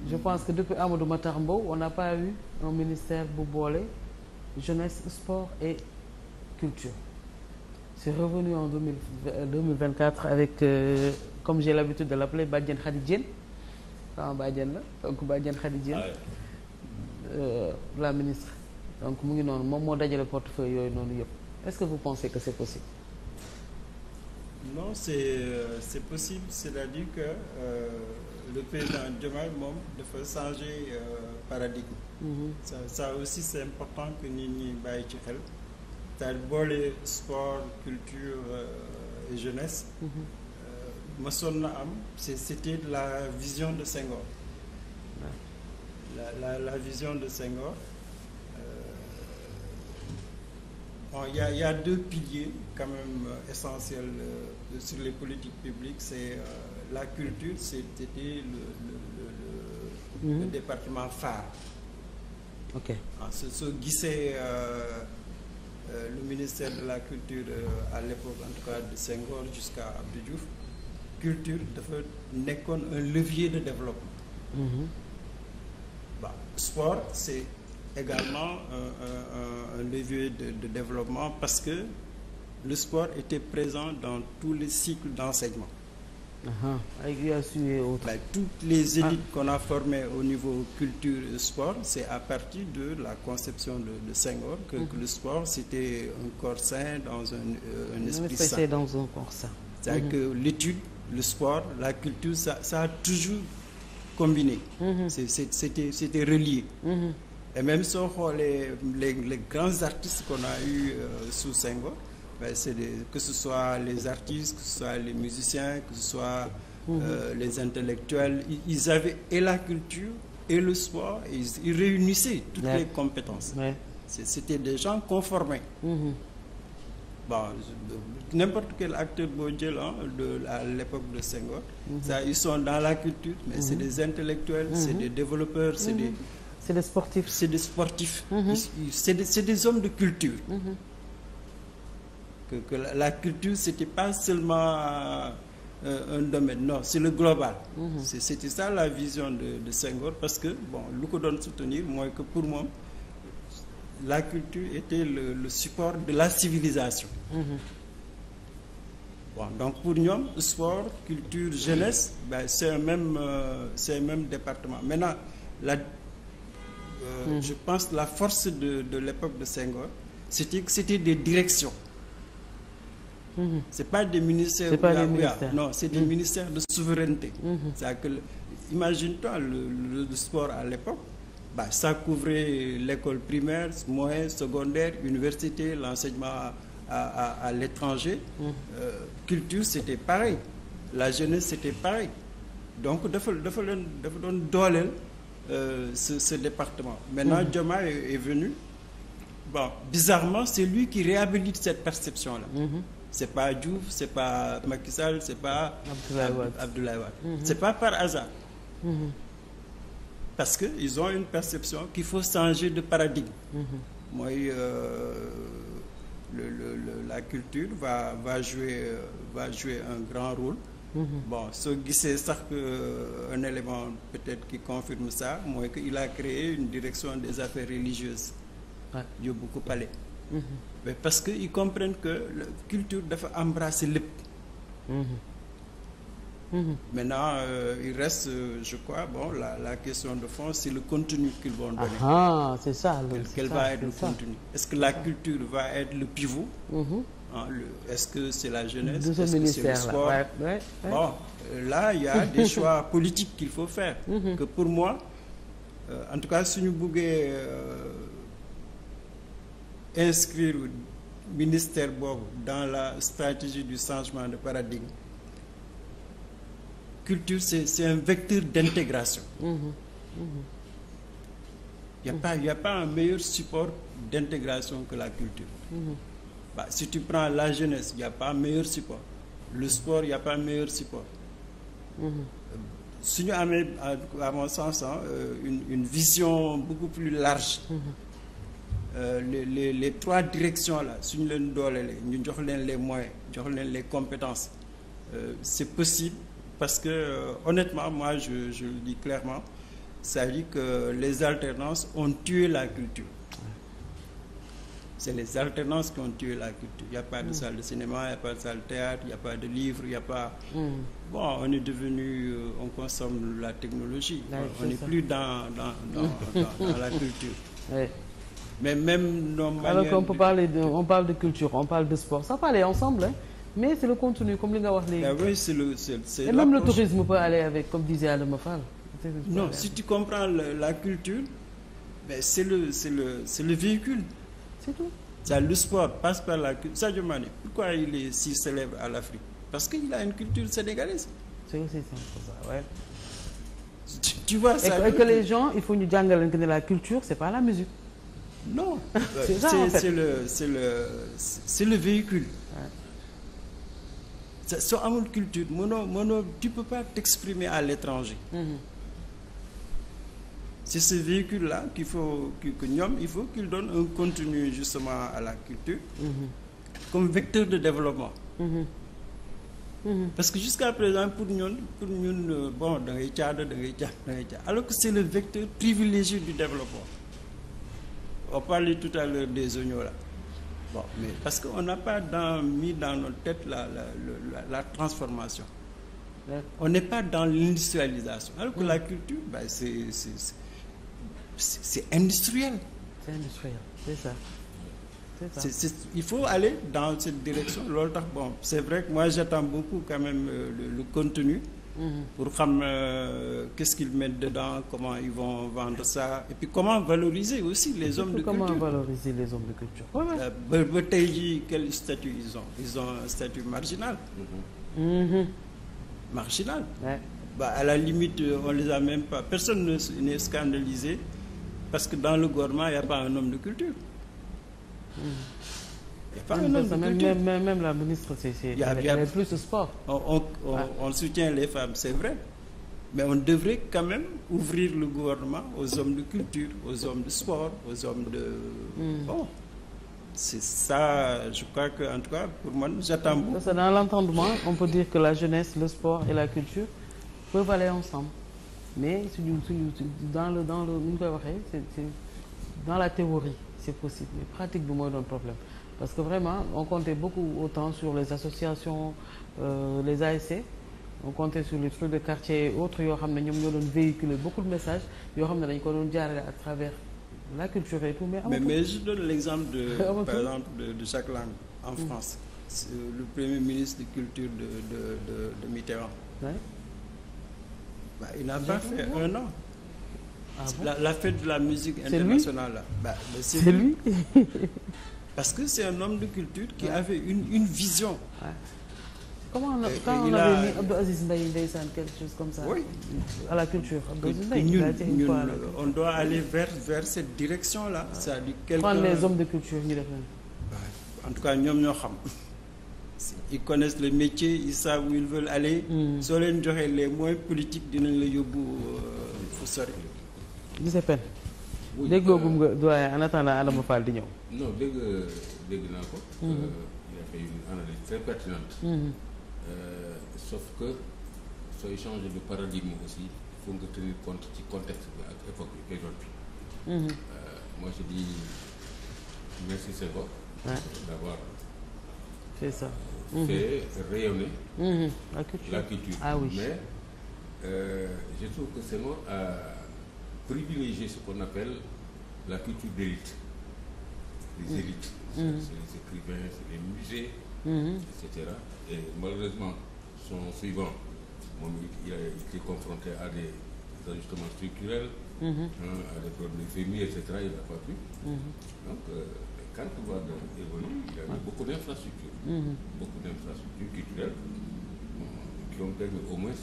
je pense que depuis Amadou tax Mbow on n'a pas eu un ministère bu boole jeunesse culture c'est revenu en 2000, 2024 avec euh, comme j'ai l'habitude de l'appeler Badiane Khady Diène sama ah, Badiane la donc Badiane Khady Diène euh, la ministre donc mu ngi noonu moom moo dajale portefeuille yooyu noonu yëpp est-ce que vous pensez que c'est possible non c'est euh, c'est possible c'est-à-dire que euh, le président Diomaye moom dafa changer euh, paradigme mm -hmm. ça, ça aussi c'est important que nit ñi bàyyi ci xel cest à boole sport culture e jeunesse. mësoon mm-hmm. euh, am c' c'était la vision de Senghor. la vision de Senghor. Euh, bon y ya y deux piliers quand même essentiels sur les politiques publiques c'est la culture c'était le le le, le, mm -hmm. département phare. ok ah euh, le ministère de la culture euh, à l'époque en tout cas de Senghor jusqu'à Abdou culture dafa nekkoon un levier de développement mm -hmm. bah, sport c'est également un, levier de, de développement parce que le sport était présent dans tous les cycles d'enseignement Uh-huh. avec l'USU et autres. Bah, toutes les élites qu'on a formées au niveau culture et sport, c'est à partir de la conception de, de Senghor que, mm -hmm. que le sport c'était un corps sain dans un, euh, un C'est mm-hmm. que l'étude, le sport, la culture, ça, a toujours combiné. Mm -hmm. C'était relié. Mm-hmm. Et même si on les, les, les, grands artistes qu'on a eus euh, sous Senghor, ben c'est des que ce soit les artistes que ce soit les musiciens que ce soit euh, mhm. les intellectuels ils, ils avaient et la culture et le sport et ils, réunissaient toutes les compétences c'était des gens conformés mm-hmm. bon n'importe quel acteur boo jël de à l'époque de Senghor mhm. ça mm-hmm. ils sont dans la culture mais mm-hmm. c'est mhm. des intellectuels c'est des développeurs c'est des c'est des sportifs c'est des sportifs des hommes de culture que, la, culture, c'était pas seulement euh, un domaine, non, c'est le global. Mm C'était ça la vision de, de Senghor, parce que, bon, lu ko doon soutenir mooy que pour moom la culture était le, le support de la civilisation. Mm -hmm. donc pour ñoom sport culture jeunesse ben c'est un même euh, c'est un même département maintenant la. Euh, mhm. je pense la force de de l'époque de Senghor c'était c'était des directions. Mhm. c'est pas des ministères. c'est pas des ministères non c'est des mhm. ministères de souveraineté. Mhm. c'est-à-dire que imagine-toi le, le sport à l'époque bah ça couvrait l'école primaire moyenne secondaire université l'enseignement à à, à, à l'étranger. Euh, culture c'était pareil la jeunesse c'était pareil donc dafa dafa leen dafa doon dooleel euh, ce ce département. maintenant Diomaye est, est venu bon bizarrement c'est lui qui réhabilite cette perception là. mm c'est pas Diouf c'est pas Macky Sall c'est pas. Abdoulaye mm-hmm. c'est pas par hasard. Mm-hmm. parce que ils ont une perception qu'il faut changer de paradigme. Mm la culture va va jouer euh, va jouer un grand rôle. bon soo gisee sax euh, un élément peut-être qui confirme ça mooy que il a créé une direction des affaires religieuses. yóbbu ko palais. mais parce que ils comprennent que la culture dafa embrasser lépp. Mmh. Maintenant, euh, il reste, euh, je crois, bon, la, la question de fond, c'est le contenu qu'ils vont donner. Ah, ah c'est ça. va être le contenu Est-ce que est la ça. culture va être le pivot mhm. Est-ce que c'est la jeunesse Est-ce que c'est le Bon, euh, là, il y a des choix politiques qu'il faut faire. Mhm. Que pour moi, euh, en tout cas, si nous bouguons inscrire ministère boobu dans la stratégie du changement de paradigme culture c'est c'est un vecteur d'intégration il mm-hmm. mm-hmm. y a pas il y a pas un meilleur support d'intégration que la culture mm-hmm. bah, si tu prends la jeunesse il y a pas meilleur support le sport il y a pas meilleur support euh, su ñu amee à mon sens euh, une une vision beaucoup plus large Euh, les les les trois directions la suñu leen doolelee ñu jox leen les moyens jox leen les compétences euh, c'est possible parce que euh, honnêtement je le dis clairement c'est-à-dire que les alternances ont tué la culture c'est les alternances qui ont tué la culture il y a pas de mmh. salle de cinéma il y a pas de salle de théâtre il y a pas de livre il y a pas mm. on est devenu on consomme la technologie on n'est plus dans dans dans, la culture mais même nos manières alors qu'on de culture on parle de sport ça peut aller ensemble hein mais c'est le contenu comme li nga wax léegi. ah oui c'est le c'est le tourisme peut aller avec comme disait Adama Fall. non si tu comprends le, la culture mais c'est le c'est le c'est le véhicule. c'est tout. ça le sport passe par la culture Sadio Mané pourquoi il est si célèbre à l'Afrique parce qu'il a une culture sénégalaise. et que, et que les gens il faut ñu c'est pas la musique. non c'est ça en fait c'est le c'est le c'est le véhicule soo amul culture mënoo mënoo tu peux pas t'exprimer à l'étranger mm-hmm. c'est ce véhicule la qu'il faut que ñoom il faut qu'il donne un contenu justement à la culture mhm. comme vecteur de développement mm-hmm. parce que jusqu'à présent pour ñun pour ñun euh, bon da ngay caada da ngay caada da ngay caada alors que c'est le vecteur privilégié du développement on parlait tout à l'heure des oignons là bon mais parce que on n'a pas dans, mis dans notre tête la la transformation on n'est pas dans l'industrialisation alors que la culture bah, c'est c'est c'est industriel c'est industriel c'est ça c'est, c'est, il faut aller dans cette direction loolu tax bon c'est vrai que moi j'attends beaucoup quand même euh, le contenu pour xam euh, qu'est-ce qu'ils mettent dedans comment ils vont vendre ça et comment valoriser aussi les hommes de culture les hommes de culture. Euh, ba ba tey jii quel statut ils ont ils ont statut marginal. Mm-hmm. marginal. Ouais. à la limite euh, on les même pas personne n'est scandalisé parce que dans le gouvernement il y a pas un homme de culture. Mm. même, même, la ministre, c'est plus de sport. On, on, on, ah. on, soutient les femmes, c'est vrai. Mais on devrait quand même ouvrir le gouvernement aux hommes de culture, aux hommes de sport, aux hommes de... Hmm. c'est ça, je crois que, en tout cas, pour moi, j'attends beaucoup. Dans l'entendement, on peut dire que la jeunesse, le sport et la culture peuvent aller ensemble. Mais dans, le, dans, le, dans la théorie, c'est possible. Mais pratique, du moins, un problème. parce que vraiment on comptait beaucoup autant sur les associations euh, les ASC on comptait sur les trucs de quartier et autres yoo xam ne ñoom ñoo doon véhiculer beaucoup de messages yoo xam ne dañ ko doon jaarale à travers la culture et tout mais mais, mais je donne l'exemple de par en mmh. France euh, le premier ministre de culture de de de, de Mitterrand il n'a pas fait ah la, la fête de la musique internationale là bah, c'est lui Parce que c'est un homme de culture qui ouais. avait une, vision. Ouais. Comment on, a, quand il on avait a... quelque chose comme ça, oui. la culture Abdou Aziz Mbaye, il a une fois à la culture. On doit aller vers, vers cette direction la Ça dit quelqu'un... Prendre les hommes de culture, ñu en tout cas ñoom ñoo xam ils connaissent le métier ils savent où ils veulent aller. Hmm. soo leen joxee les moyens politiques dinañ la yóbbu euh, fu sori. déggoo gum euh, nga doyen en attendant Adama Fall di ñëw. non dégg dégg naa ko. Mhm. Euh, il a fait une analyse très pertinente. Mhm. Euh, de paradigme aussi il nga tenir ci contexte bi ak époque bi période bi. Mhm. Euh, je dis merci Senghor. Ouais. d'avoir. c'est la culture. ah oui a. privilégier ce qu'on appelle la culture d'élite. Les mm. élites, mm. c'est les écrivains, c'est les musées, mm-hmm. et Et malheureusement, son suivant, moom il a été confronté à des ajustements structurels. Mm-hmm. à des problèmes de famille, il n'a pas pu. Mmh. Donc, euh, quand Wade évolue, il a eu beaucoup d'infrastructures. Mmh. Beaucoup d'infrastructures au moins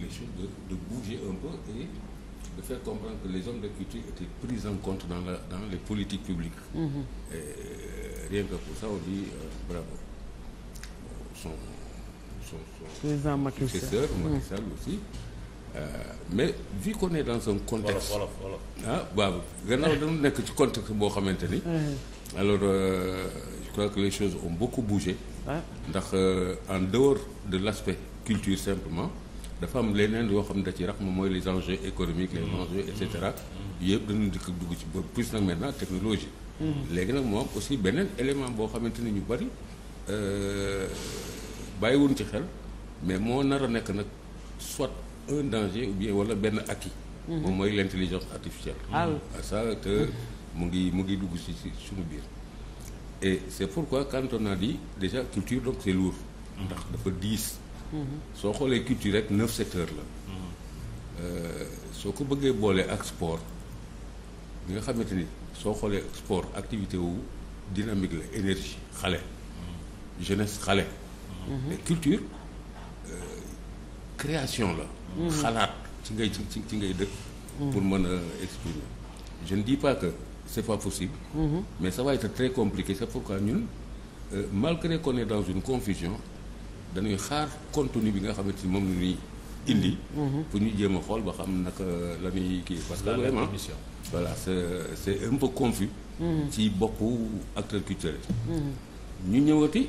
les choses de, bouger un peu et de faire comprendre que les hommes de culture étaient pris en compte dans, la, dans les politiques publiques. Mm -hmm. Et euh, rien que pour ça, on dit euh, bravo. Son, son, son mhm. euh, mais vu qu'on dans un contexte. wolof wolof ah waaw gannaaw dañu nekk ci contexte boo xamante ni. alors euh, je crois que les choses ont beaucoup bougé. ndax en dehors de l' aspect culture simplement. dafa am leneen yoo xam ne da ci rax moom mooy les enjeux économiques les enjeux et cetera mm-hmm. dikk dugg ci boobu plus nag maintenant technologie mm-hmm. léegi nag moom am aussi beneen élément boo xamante ni ñu bari euh, bàyyiwuñ ci xel mais moo nar a nekk nag soit un danger ou bien wala benn acquis mm-hmm. moom mooy l'intelligence artificielle ah, ah ça te mu ngi mu ngi dugg ci suñu biir et c'est pourquoi quand on a dit déjà culture donc c'est lourd ndax dafa diis soo xoolee culture rek neuf secteurs la. Euh, soo ko bëggee boolee ak sport bi nga xamante ni soo xoolee sport activité wu dynamique la énergie xale. jeunesse xale. mais culture euh, création la. xalaat ci ngay ci ci ngay dëkk. pour mën a exprimer. jeune ne dis pas que c'est pas possible. Mhm. mais ça va être très compliqué c'est pourquoi ñun euh, malgré qu'on est dans une confusion. dañuy xaar contenu bi nga xamante ni moom la ñuy indi. Mhm. pour ñu jéem a xool ba xam naka la kii parce que vraiment voilà c'est c'est un peu confus. Mhm. ci boppu acteurs culturels. Mhm. ñu ñëwati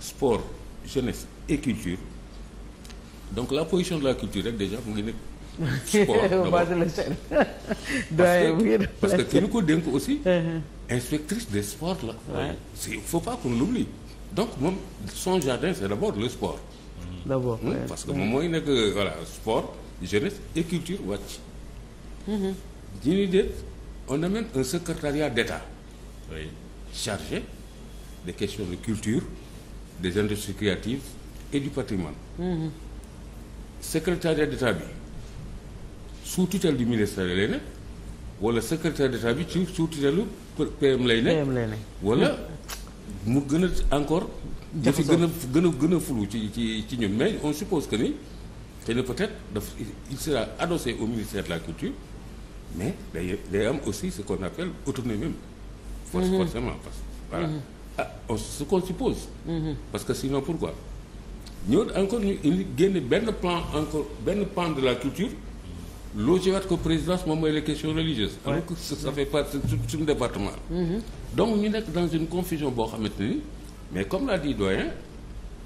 sport jeunesse et culture donc la position de la culture rek déjà mu ngi nekk. sport d'abord parce que ki ñu ko dénk aussi. Uh-huh. inspectrice des sport la. il faut pas qu'on l'oublie. donc moom son jardin c'est d'abord le sport. d'abord hmm? parce que moom mooy nekk voilà sport jeunesse et culture wàcc. ñu mhm. ni de on un secrétariat d'État. chargé des questions de culture des industries créatives et du patrimoine. Mmh. d'État bi sous tutelle du ministère lay nekk wala secrétaire d'État bi ci sous tutelle PM lay lay nekk wala. Hmm. mu gën a encore. dafa gën gën gën a fulu ci ci ci ñun mais on suppose que ni xëy na peut-être daf il sera adossé au ministère de la culture mais day day am aussi ce qu'on appelle autonomie même. force mm-hmm. parce que voilà. Mm-hmm. ah on mm-hmm. parce que sinon pourquoi. ñëw encore ñu indi génne benn plan encore benn plan de la culture loo ci waat ko présidence moom mooy les questions religieuses. alors que ça fait partie suñu département. donc ñu nekk dans une confusion boo xamante ni mais comme l'a dit doyen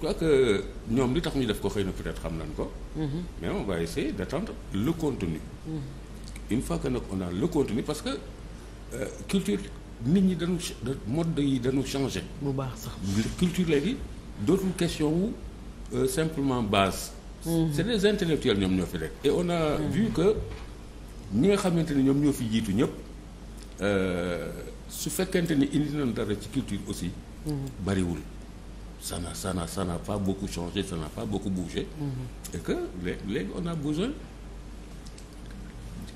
quoi que ñoom li tax ñu def ko xëy na peut-être xam nañ ko. Mhm. mais on va essayer d'attendre le contenu. Mhm. une que nag on le contenu parce que euh, culture nit ñi dañu mode yi dañu changer. bu baax sax culture léegi dootul question wu euh, simplement base. Mhm. c'est des intellectuels ñoom ñoo fi rek. et on a vu que ñi nga xamante ni ñoom ñoo fi jiitu ñëpp. Euh, su fekkente ni indi nañ dara ci culture aussi. bariwul ça sana ça n'a ça n'a pas beaucoup changé ça pas beaucoup bougé. Mm-hmm. et que léegi on a besoin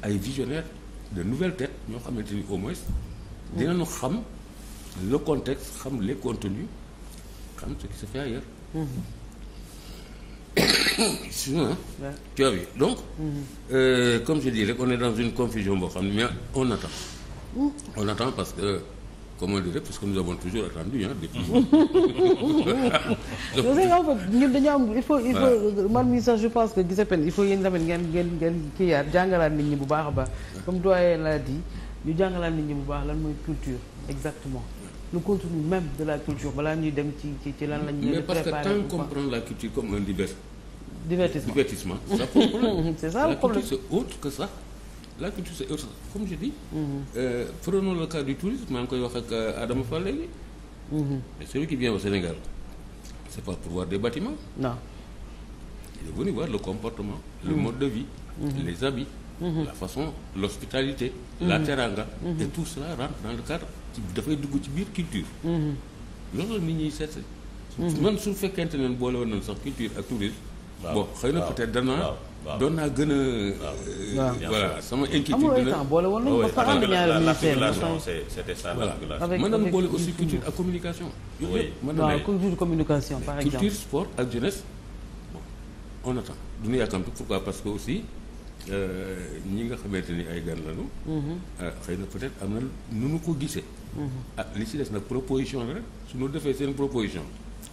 ay visionnaires de nouvelle têtes ñoo xamante ni au moins. dinañu mm-hmm. xam le contexte xam les contenus xam ce qui se fait ailleurs. Mm-hmm. sinon tu as donc. Euh, comme je dis rek on dans une confusion boo xam ne mais on attend. Mm. on attend parce que comme on dirait parce que nous avons toujours attendu hein depuis. ñun dañoo am il faut il faut man sax je pense que gis il faut yéen tamit ngeen ngeen ngeen kiiyaat jàngalaat nit ñi bu baax ba comme doyen l'a dit ñu jàngalaat nit ñi bu baax lan mooy culture exactement. le contenu même de la culture balaa ñuy dem ci ci ci lan lañu. mais parce la culture comme un divers. divertissement divertissement. c'est ça le problème la culture c'est la culture c'est urgent comme je dis. Mhm. Euh, du tourisme maa ngi koy wax ak euh, Adama Fall léegi. Mhm. mais celui qui vient au Sénégal c'est pas pour voir des bâtiments. non il est venu voir le comportement. le mhm. mode de vie. les habits. la façon l'hospitalité la teranga et tout cela rentre dans le cadre dafay dugg ci biir culture. loolu nit ñuy seet man su fekkente ne boole woon nañ sax culture ak tourisme. bon xëy na peut-être doon naa gën a. Euh, voilà sama inquiétude. dina amul boole woon nañu ko par an ñaari ministère c'était ça mën nañu boole aussi culture ak communication. oui waaw culture communication par exemple culture sport ak jeunesse on attend duñu yàkkamti pourquoi parce que aussi euh, ñi nga xamante ni ay gan lañu. Mhm. Euh, xëy na peut-être am na nu nu ko gisee. Mhm. ah li si des nag proposition la rek su ñu defee seen proposition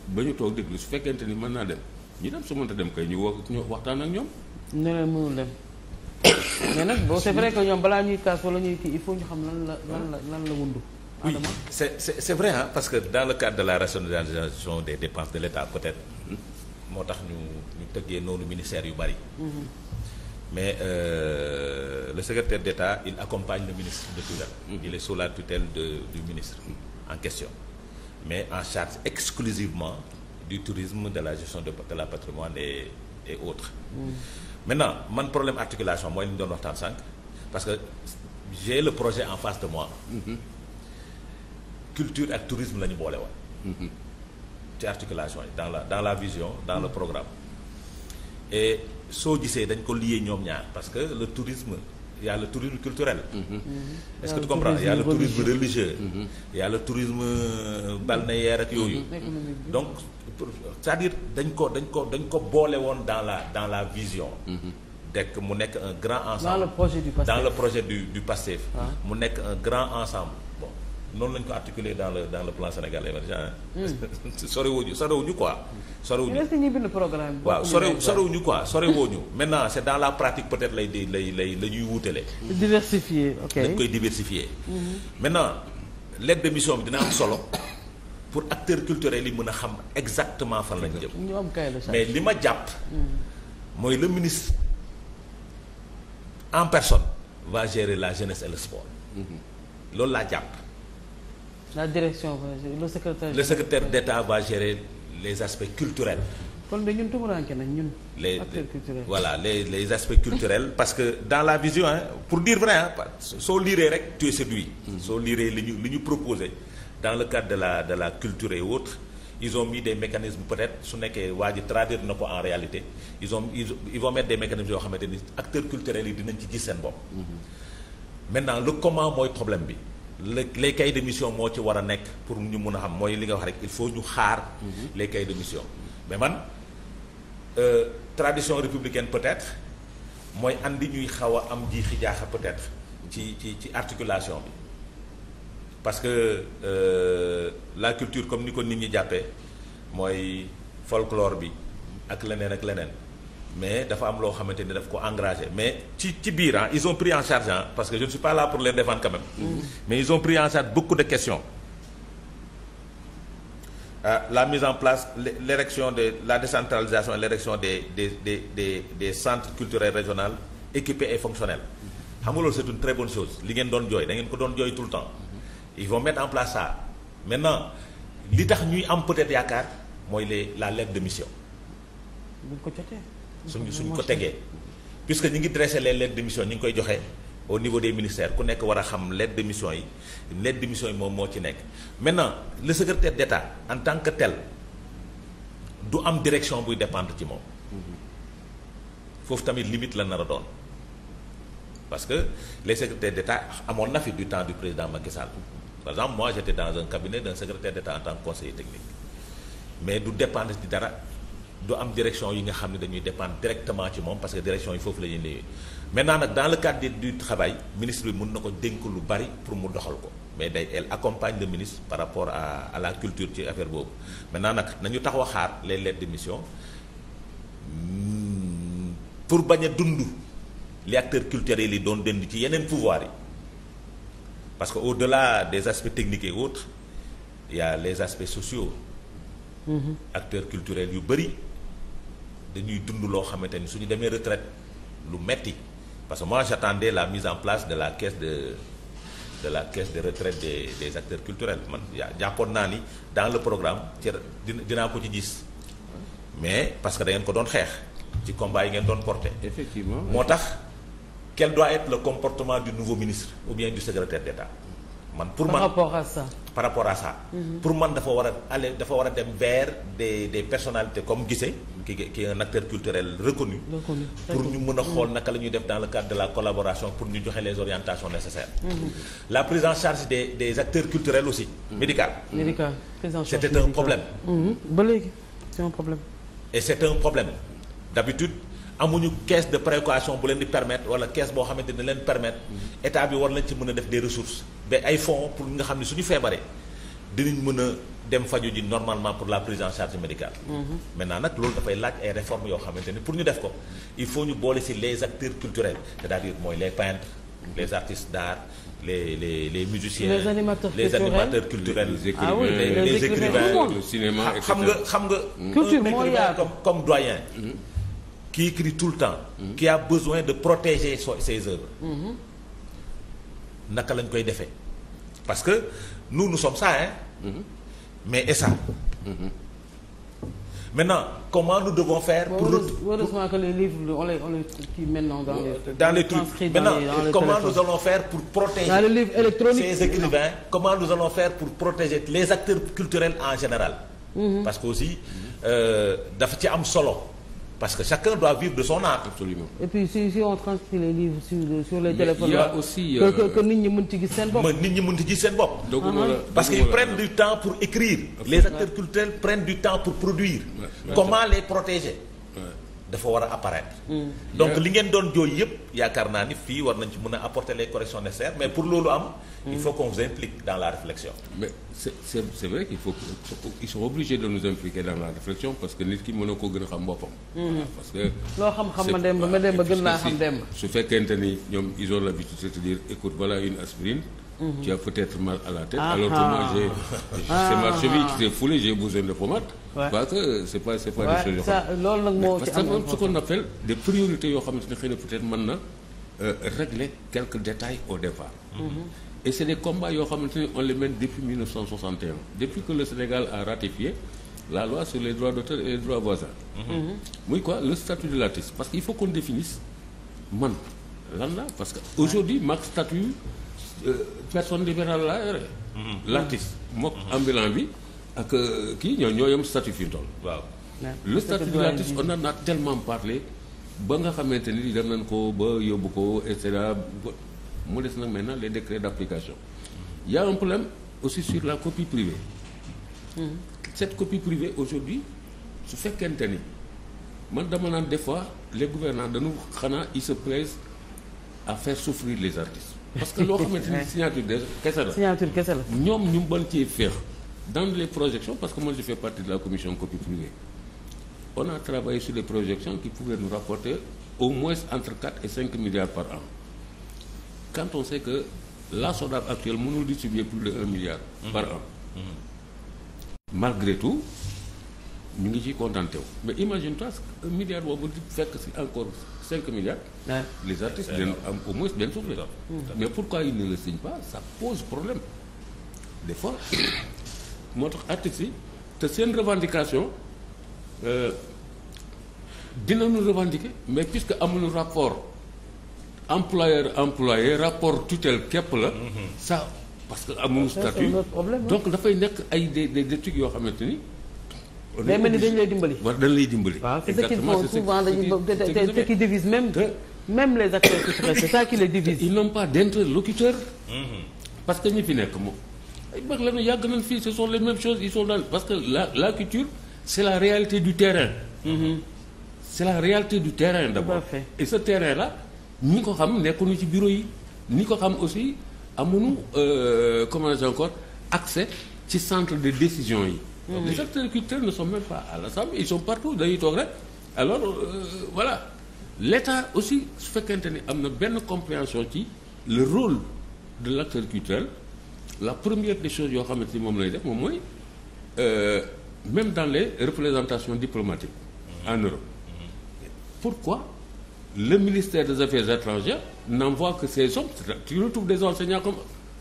ba ñu toog déglu su fekkente ni mën naa dem ñu dem su mënta dem kay ñu woo ñu waxtaan ak ñoom. ne leen mënul dem mais nag bon c'est vrai que ñoom balaa ñuy kaas wala ñuy kii il faut ñu xam lan la lan la la wundu. oui c'est c'est c'est vrai hein, parce que dans le cadre de la rationalisation des dépenses de l'État peut-être hmm, moo tax ñu ñu tëggee noonu ministère yu bari. Mm-hmm. mais euh, le secrétaire d'État il accompagne le ministre de tutelle. Mm-hmm. il est la tutelle de du ministre mm-hmm. en question mais en charge exclusivement du tourisme de la gestion de, de la patrimoine et et autres. maintenant man problème articulation mooy li ñu doon waxtaan sànq parce que j'ai le projet en face de moi. Mhm. culture ak tourisme la ñu boole woon. Mhm. ci articulation yi dans la dans la vision dans le programme et soo gisee dañ ko lié ñoom ñaar parce que le tourisme. yàlla a le tourisme culturel. Mm-hmm. Mm-hmm. est-ce que tu comprends y a le tourisme religieux. Mm-hmm. y a le tourisme euh, balnéaire ak yooyu. donc cest à dañ ko dañ ko dañ ko boole woon dans la dans la vision. dekk mu nekk un grand ensemble. dans le projet du Pastef dans le projet du du Pastef ah. mu nekk un grand ensemble. noonu lañ ko articulé dans le dans le plan Sénégal émergent. Hmm. sorewuñu sorewuñu sorewuñu ñu ñu bind programme waaw sorew sorewuñu quoi sorewuñu maintenant c' est dans la pratique peut être lay di lay lay la ñuy wuutale. diversifier ok dañ koy diversifier. Hmm. maintenant lettre de mission bi dina am solo pour acteur culturels yi mën a xam exactement fan lañ jëm. ñu am kay mais li ma jàpp. Hmm. mooy le ministre en personne va gérer la jeunesse et le sport. loolu laa jàpp. la direction va gérer le secrétaire. le secrétaire d'État va gérer les aspects culturels. kon de ñun tumuraanke nañ ñun. les voilà les les aspects culturels parce que dans la vision hein, pour dire vrai ah soo liiree rek tu es séduit. Hmm. soo liiree li ñu li ñu proposé dans le cadre de la de la culture et autres ils ont mis des mécanismes peut-être su nekkee waa ji traduire na ko en réalité ils ont ils, ils vont des mécanismes yoo xamante ni acteurs culturels yi dinañ ci gis seen bopp. Hmm. maintenant le comment mooy problème bi. les cahiers de mission moo ci war a nekk pour ñu mun a xam mooy li nga wax rek il faut ñu xaar mhm. les cahiers de mission mais man euh, tradition républicaine peut-être mooy andi ñuy xaw a am jiixi jaaxa peut-être ci ci ci articulation bi parce que euh, la culture comme ni ko nit ñi jàppee mooy folklore bi ak leneen ak leneen mais dafa am loo xamante ni daf ko engagé mais ci ci biir ils ont pris en charge parce que je ne suis pas là pour les défendre quand même. Mmh. mais ils ont pris en charge beaucoup de questions. Euh, la mise en place l'érection de la et l'érection des des de des des centres culturels régionaux équipés et fonctionnels. Mm-hmm. xam nga loolu c'est une très bonne chose li ngeen doon jooy da ngeen ko doon jooy tout le temps. Mm-hmm. ils vont mettre en place ça maintenant li tax ñuy am peut-être yaakaar mooy les la lettre de mission. buñ suñ suñ ko tegee puisque ñu ngi dressé les lettres de mission ñu ngi koy joxe au niveau des ministère ku nekk war a xam lettre de mission yi lettre de mission yi moom moo ci nekk maintenant le secrétaire d'État en tant que tell du am direction buy dépendre ci moom foofu tamit limite la nar a doon parce que les secrétaires d'État amoon na fi du temps du président Macky Sall par exemple moi j'étais dans un cabinet d'un secrétaire d'État en tant que conseiller technique mais du dépendre ci dara du am direction yi nga xam ne dañuy dépendre directement ci moom parce que direction yi foofu la ñuy liggéey maintenant nag dans le cadre du travail ministre bi mën na ko dénk lu bari pour mu doxal ko mais day elle accompagne le ministre par rapport a à la culture ci affaire boobu maintenant nag nañu taxaw xaar les lettres de mission hmm, pour bañ a dund li acteurs culturels yi doon dënd ci yeneen pouvoir yi parce que au-delà des aspects techniques et autres il les aspects sociaux. Mm-hmm. acteurs culturels yu bëri. dañuy dund loo xamante ni suñu demee retraite lu metti parce que moi j'attendais la mise en place de la caisse de de la caisse de retraite des des acteurs culturels man yaa jàppoon naa ni dans le programme ci dina dinaa ko ci gis mais parce que dangeen ko doon xeex ci combat yi ngeen doon porté. effectivement moo tax quel doit être le comportement du nouveau ministre ou bien du secrétaire d'État man pour man par rapport à ça. Mhm. pour man dafa war a aller dafa war a dem vers des des comme gise qui qui est un acteur culturel reconnu pour ñu mën a mhm. xool naka la ñuy def dans le cadre de la collaboration pour ñu joxe les orientations nécessaires. Mhm. la prise en charge des des acteurs culturels aussi. médical médical un problème. ba léegi c'est un problème. et c'est un problème d'habitude amuñu caisse de précaution bu leen di permettre wala caisse boo xamante ne leen permettre mm-hmm. état bi war lañ ci mën a def des ressources ba ay fonds pour nga xam ne suñu feebaree dinañ mën a dem faju ji normalement pour la prise en charge médicale mm-hmm. maintenant nag loolu dafay laaj ay réformes yoo xamante ni pour ñu def ko il faut ñu boole si les acteurs culturels c'est-à-dire mooy les peintres mm-hmm. les artistes d'art les les les musiciens les animateurs les culturels, animateurs culturels xam nga xam nga culture comme comme doyen qui écrit tout le temps. Mm -hmm. qui a besoin de protéger ses œuvres. naka lañ koy defee parce que nous nous sommes ça mais et ça. maintenant comment nous devons faire. pour le kii maintenant dans les. dans les trucs maintenant comment nous allons faire pour protéger. dans les livres électroniques comment nous allons faire pour protéger les acteurs culturels en général. Mhm. parce que aussi euh, dafa ci am solo. Parce que chacun doit vivre de son art. si, on transcrit les livres sur, les téléphones. Il aussi. Euh... que nit ñi mën ci gis seen bopp. nit ñi mën ci seen bopp. Ah, ah. parce qu'ils prennent du temps pour écrire. les acteurs culturels prennent du temps pour produire. comment les protéger. dafa war a apparaître. Hmm. donc li ngeen doon jooy yëpp yaakaar naa ni fii war nañ ci mun a apporter les corrections nécessaires mais pour loolu am. il hmm. faut qu'on vous implique dans la réflexion. mais c'est c'est c'est vrai qu'il faut qu'ils sont obligés de nous impliquer dans la réflexion parce que nit ki mën na koo gën a xam boppam. Hmm. parce que. loo xam-xam ma dem ba ma dem ba gën naa xam dem. su fekkente ni ñoom ils bi l'habitude c'est-à-dire une aspirine. Mm-hmm. tu as peut-être mal à la tête. Ah alors que moi ah. j'ai ah besoin de pommade. parce que c'est pas c'est pas ouais, des choses yoo xam ne parce que am ce qu'on appelle des priorités yoo xamante ne xëy peut-être mën na euh, régler quelques détails au départ. Mm-hmm. et c'est des combats yoo xamante ne on depuis que le Sénégal a ratifié la loi sur les droits d'auteur et les droits voisins. Mm-hmm. muy quoi le statut de l'artiste parce qu'il faut qu'on man lan la Euh, personne libérale laa yore. Mm-hmm. Mm-hmm. l'artiste mm-hmm. mook ambulant bi ak euh, kii ñoo ñoo yem statut fi toll. waaw le statut de l'artiste on en a tellement parlé ba nga xamante ni dem nañ ko ba yóbbu ko et cetera mu des nag maintenant les décrets d'application. Il y a un problème aussi sur la copie privée. cette copie privée aujourd'hui su fekkente ni man dama naan des fois les gouvernants dañu xanaa ils se plaisent à faire souffrir les artistes. parce que loo xamante ni signature de kese la ñoom ñu mën cee féex dans les projections parce que moi je fais partie de la commission copie on a travaillé sur les projections qui pouvaient nous rapporter au moins entre 4 et 5 milliards par an quand on sait que la SODAV actuelle mënul distribuer plus de 1 milliard mmh. par an mmh. malgré tout ñu ngi ciy contenté wu mais imagine toi un boobu di fekk si encore cinq milliards. Ouais. les artistes dinañ am au moins benn souffle. mais pourquoi ils ne le signent pas ça pose problème des moo tax artistes yi te seen revendication euh, dinañu revendiquer mais puisque amuñu rapport employeur employé rapport tutelle képp la. Mhm. ça parce que amuñu statut donc dafay nekk ay des des trucs yoo xamante ni. day mel ni dañ lay dimbali. waaw dañ lay dimbali. exactement c'est souvent dañuy ce qui divise même même les acteurs mm-hmm. parce que ñi fi nekk moom. ay mag fii ce sont les mêmes choses parce que la la culture c'est la réalité du terrain. Mm-hmm. c'est la réalité du terrain d'abord. et ce terrain là ñi ko xam nekkuñu ci bureau yi ñi ko xam aussi amuñu euh, comment dire encore accès ci centre de décision yi. donc mm-hmm. les acteurs culturels ne sont même pas à l'Assemblée ils sont partout dañuy toog rek alors euh, voilà l'État aussi su fekkente ni am na benn compréhension ci le rôle de l'acteur culturel la première des choses yoo xamante ni moom lay def moom mooy euh, même dans les représentations diplomatiques en mm-hmm. Europe pourquoi le ministère des Affaires étrangères n'envoie que ses hommes tu retrouves des enseignants comme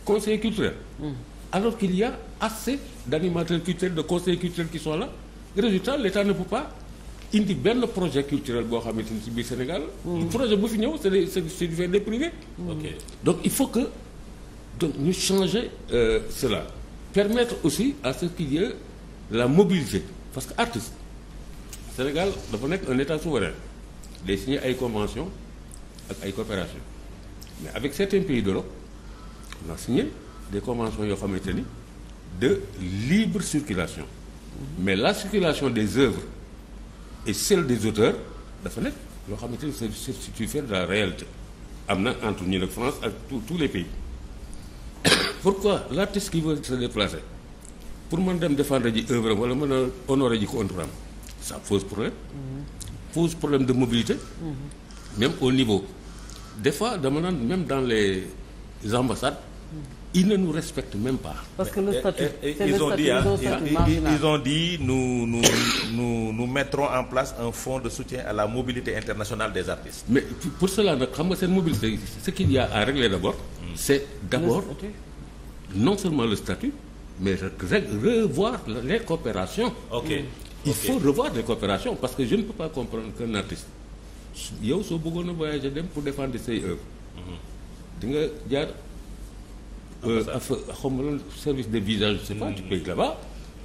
conseillers culturels mm-hmm. alors qu'il y a assez d'animateurs culturels de conseils culturels qui sont là résultat l'État ne peut pas indi benn projet culturel boo xamante ni si biir Sénégal. Mm. projet bu fi ñëw c'est des c'est des privés. Mm. ok donc il faut que donc ñu changer euh, cela. permettre aussi à ce qu'il y la mobilité parce que artiste Sénégal dafa nekk un État souverain day signer ay convention ak ay coopération mais avec certains pays de l'Europe on des conventions yoo xamante ni de libre circulation mais la circulation des œuvres et celle des auteurs dafa nekk loo xamante ni c'est substitut faire de la réalité am na entre ñun ak France ak tous les pays quoi la qui veut se déplacer pour man dem défendre ji œuvre am wala mën a honorer ji ko contrat ça pose problème mm-hmm. pose problème de mobilité mm-hmm. même au niveau des fois dama naan même dans les ambassades mm-hmm. ils ne nous respectent même pas. Parce que le statut, ils ont dit, nous, mettrons en place un fonds de soutien à la mobilité internationale des artistes. Mais pour cela, cette mobilité, ce qu'il y a à régler d'abord, c'est d'abord non seulement le statut, mais revoir les coopérations. Okay. Mm. Il faut revoir les coopérations parce que je ne peux pas comprendre qu'un artiste, il y a aussi beaucoup de voyages pour défendre ses œuvres. Mm-hmm. Euh, xaw ma loolu service de visa je sais pas tu payes là-bas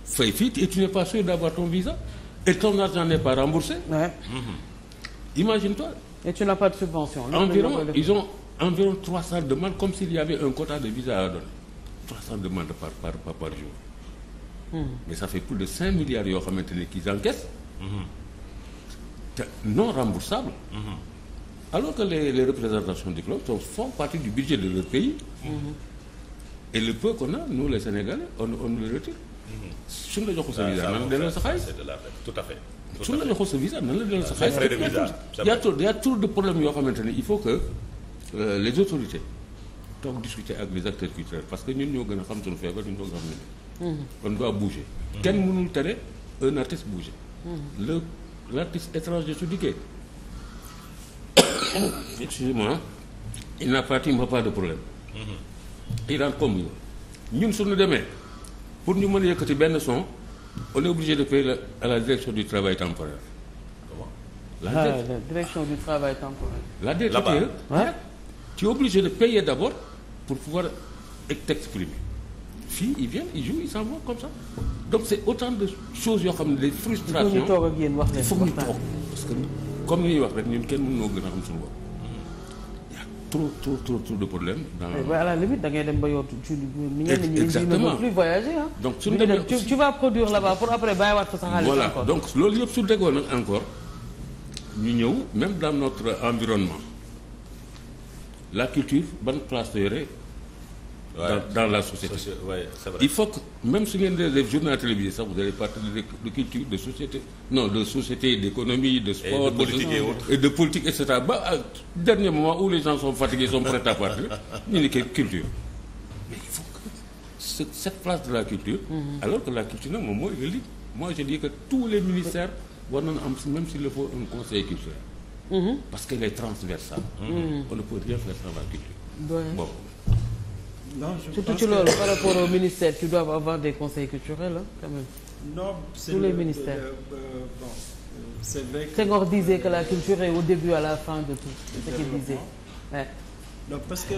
fay fii et tu n'es pas sûr d'avoir ton visa et ton argent n'est pas remboursé mhm. imagine-toi et tu n'as pas de subvention ils ont environ 300 demandes comme s'il y avait un quota de visa à donner 300 demandes par jour hmm. mais ça fait plus de cinq milliards yoo xamante ne qu'ils encaissent mhm. te non remboursable mmh. alors que les représentations diplômes font partie du budget de leur pays hmm. e le peu qu'on a nous les su on ah, la joxul sa visa nan la delloo sa xaalis. tout à fait. suñ la joxul sa visa nan la delloo sa xaalis. y a trop y a trop de problèmes yoo xamante ne il faut que euh, les autorités toog discuter ak les acteurs culturels parce que ñun ñoo gën a xam suñu feebar ñun ñoo gën a xam ne. Mm-hmm. on doit bouger. kenn mënul tere un artiste bouger. Mm-hmm. le l' étranger su dikkee. excusez-moi il n' a pas de problème. Mm-hmm. Iran comme ñu ñun suñu demee pour ñu mën a yëkkati benn son on est obligé de payer à la direction du travail temporaire. la ah, direction du travail temporaire. la DTTE tu es obligé de payer d'abord pour pouvoir t'exprimer fii ils viennent ils jouent ils s'en vont comme ça donc c'est autant de choses yoo xam ne des frustrations il ñu toog ak yéen wax leen foog ñu toog parce que comme ni ñuy wax rek ñun kenn mun noo gën a xam suñu bopp trop trop trop trop de problèmes. dans da ngay dem ba yootu ci ñenn ñi. exactement plus voyager ah. donc suñu demee tu tu produire là-bas pour après bàyyiwaat fa sa xaalis. voilà donc loolu yëpp su déggoo encore ñu ñëw même dans notre environnement la culture ban place la yore. dans dans la société. il faut que même su ngeen def journal télévisé sax vous allez partir de culture de société non de société d'économie de sport et de politique et cetera ba à dernier moment où les gens sont fatigués sont prêts à partir ñu ne culture mais il faut que cette place de la culture mhm. alors que la culture nag moom mooy li moi je dis que tous les ministères war nañu am le faut un conseil culturel mhm. parce qu'elle est transversale mhm. on ne peut faire sans la culture non je surtout ci loolu par rapport aux ministères qui doivent avoir des conseils culturels quand même. non c'est tous les euh, ministères le, le, euh, bon euh, c'est vrai que. Senghor disait que la culture est au début à la fin de tout. c'est ce qu'il disait parce que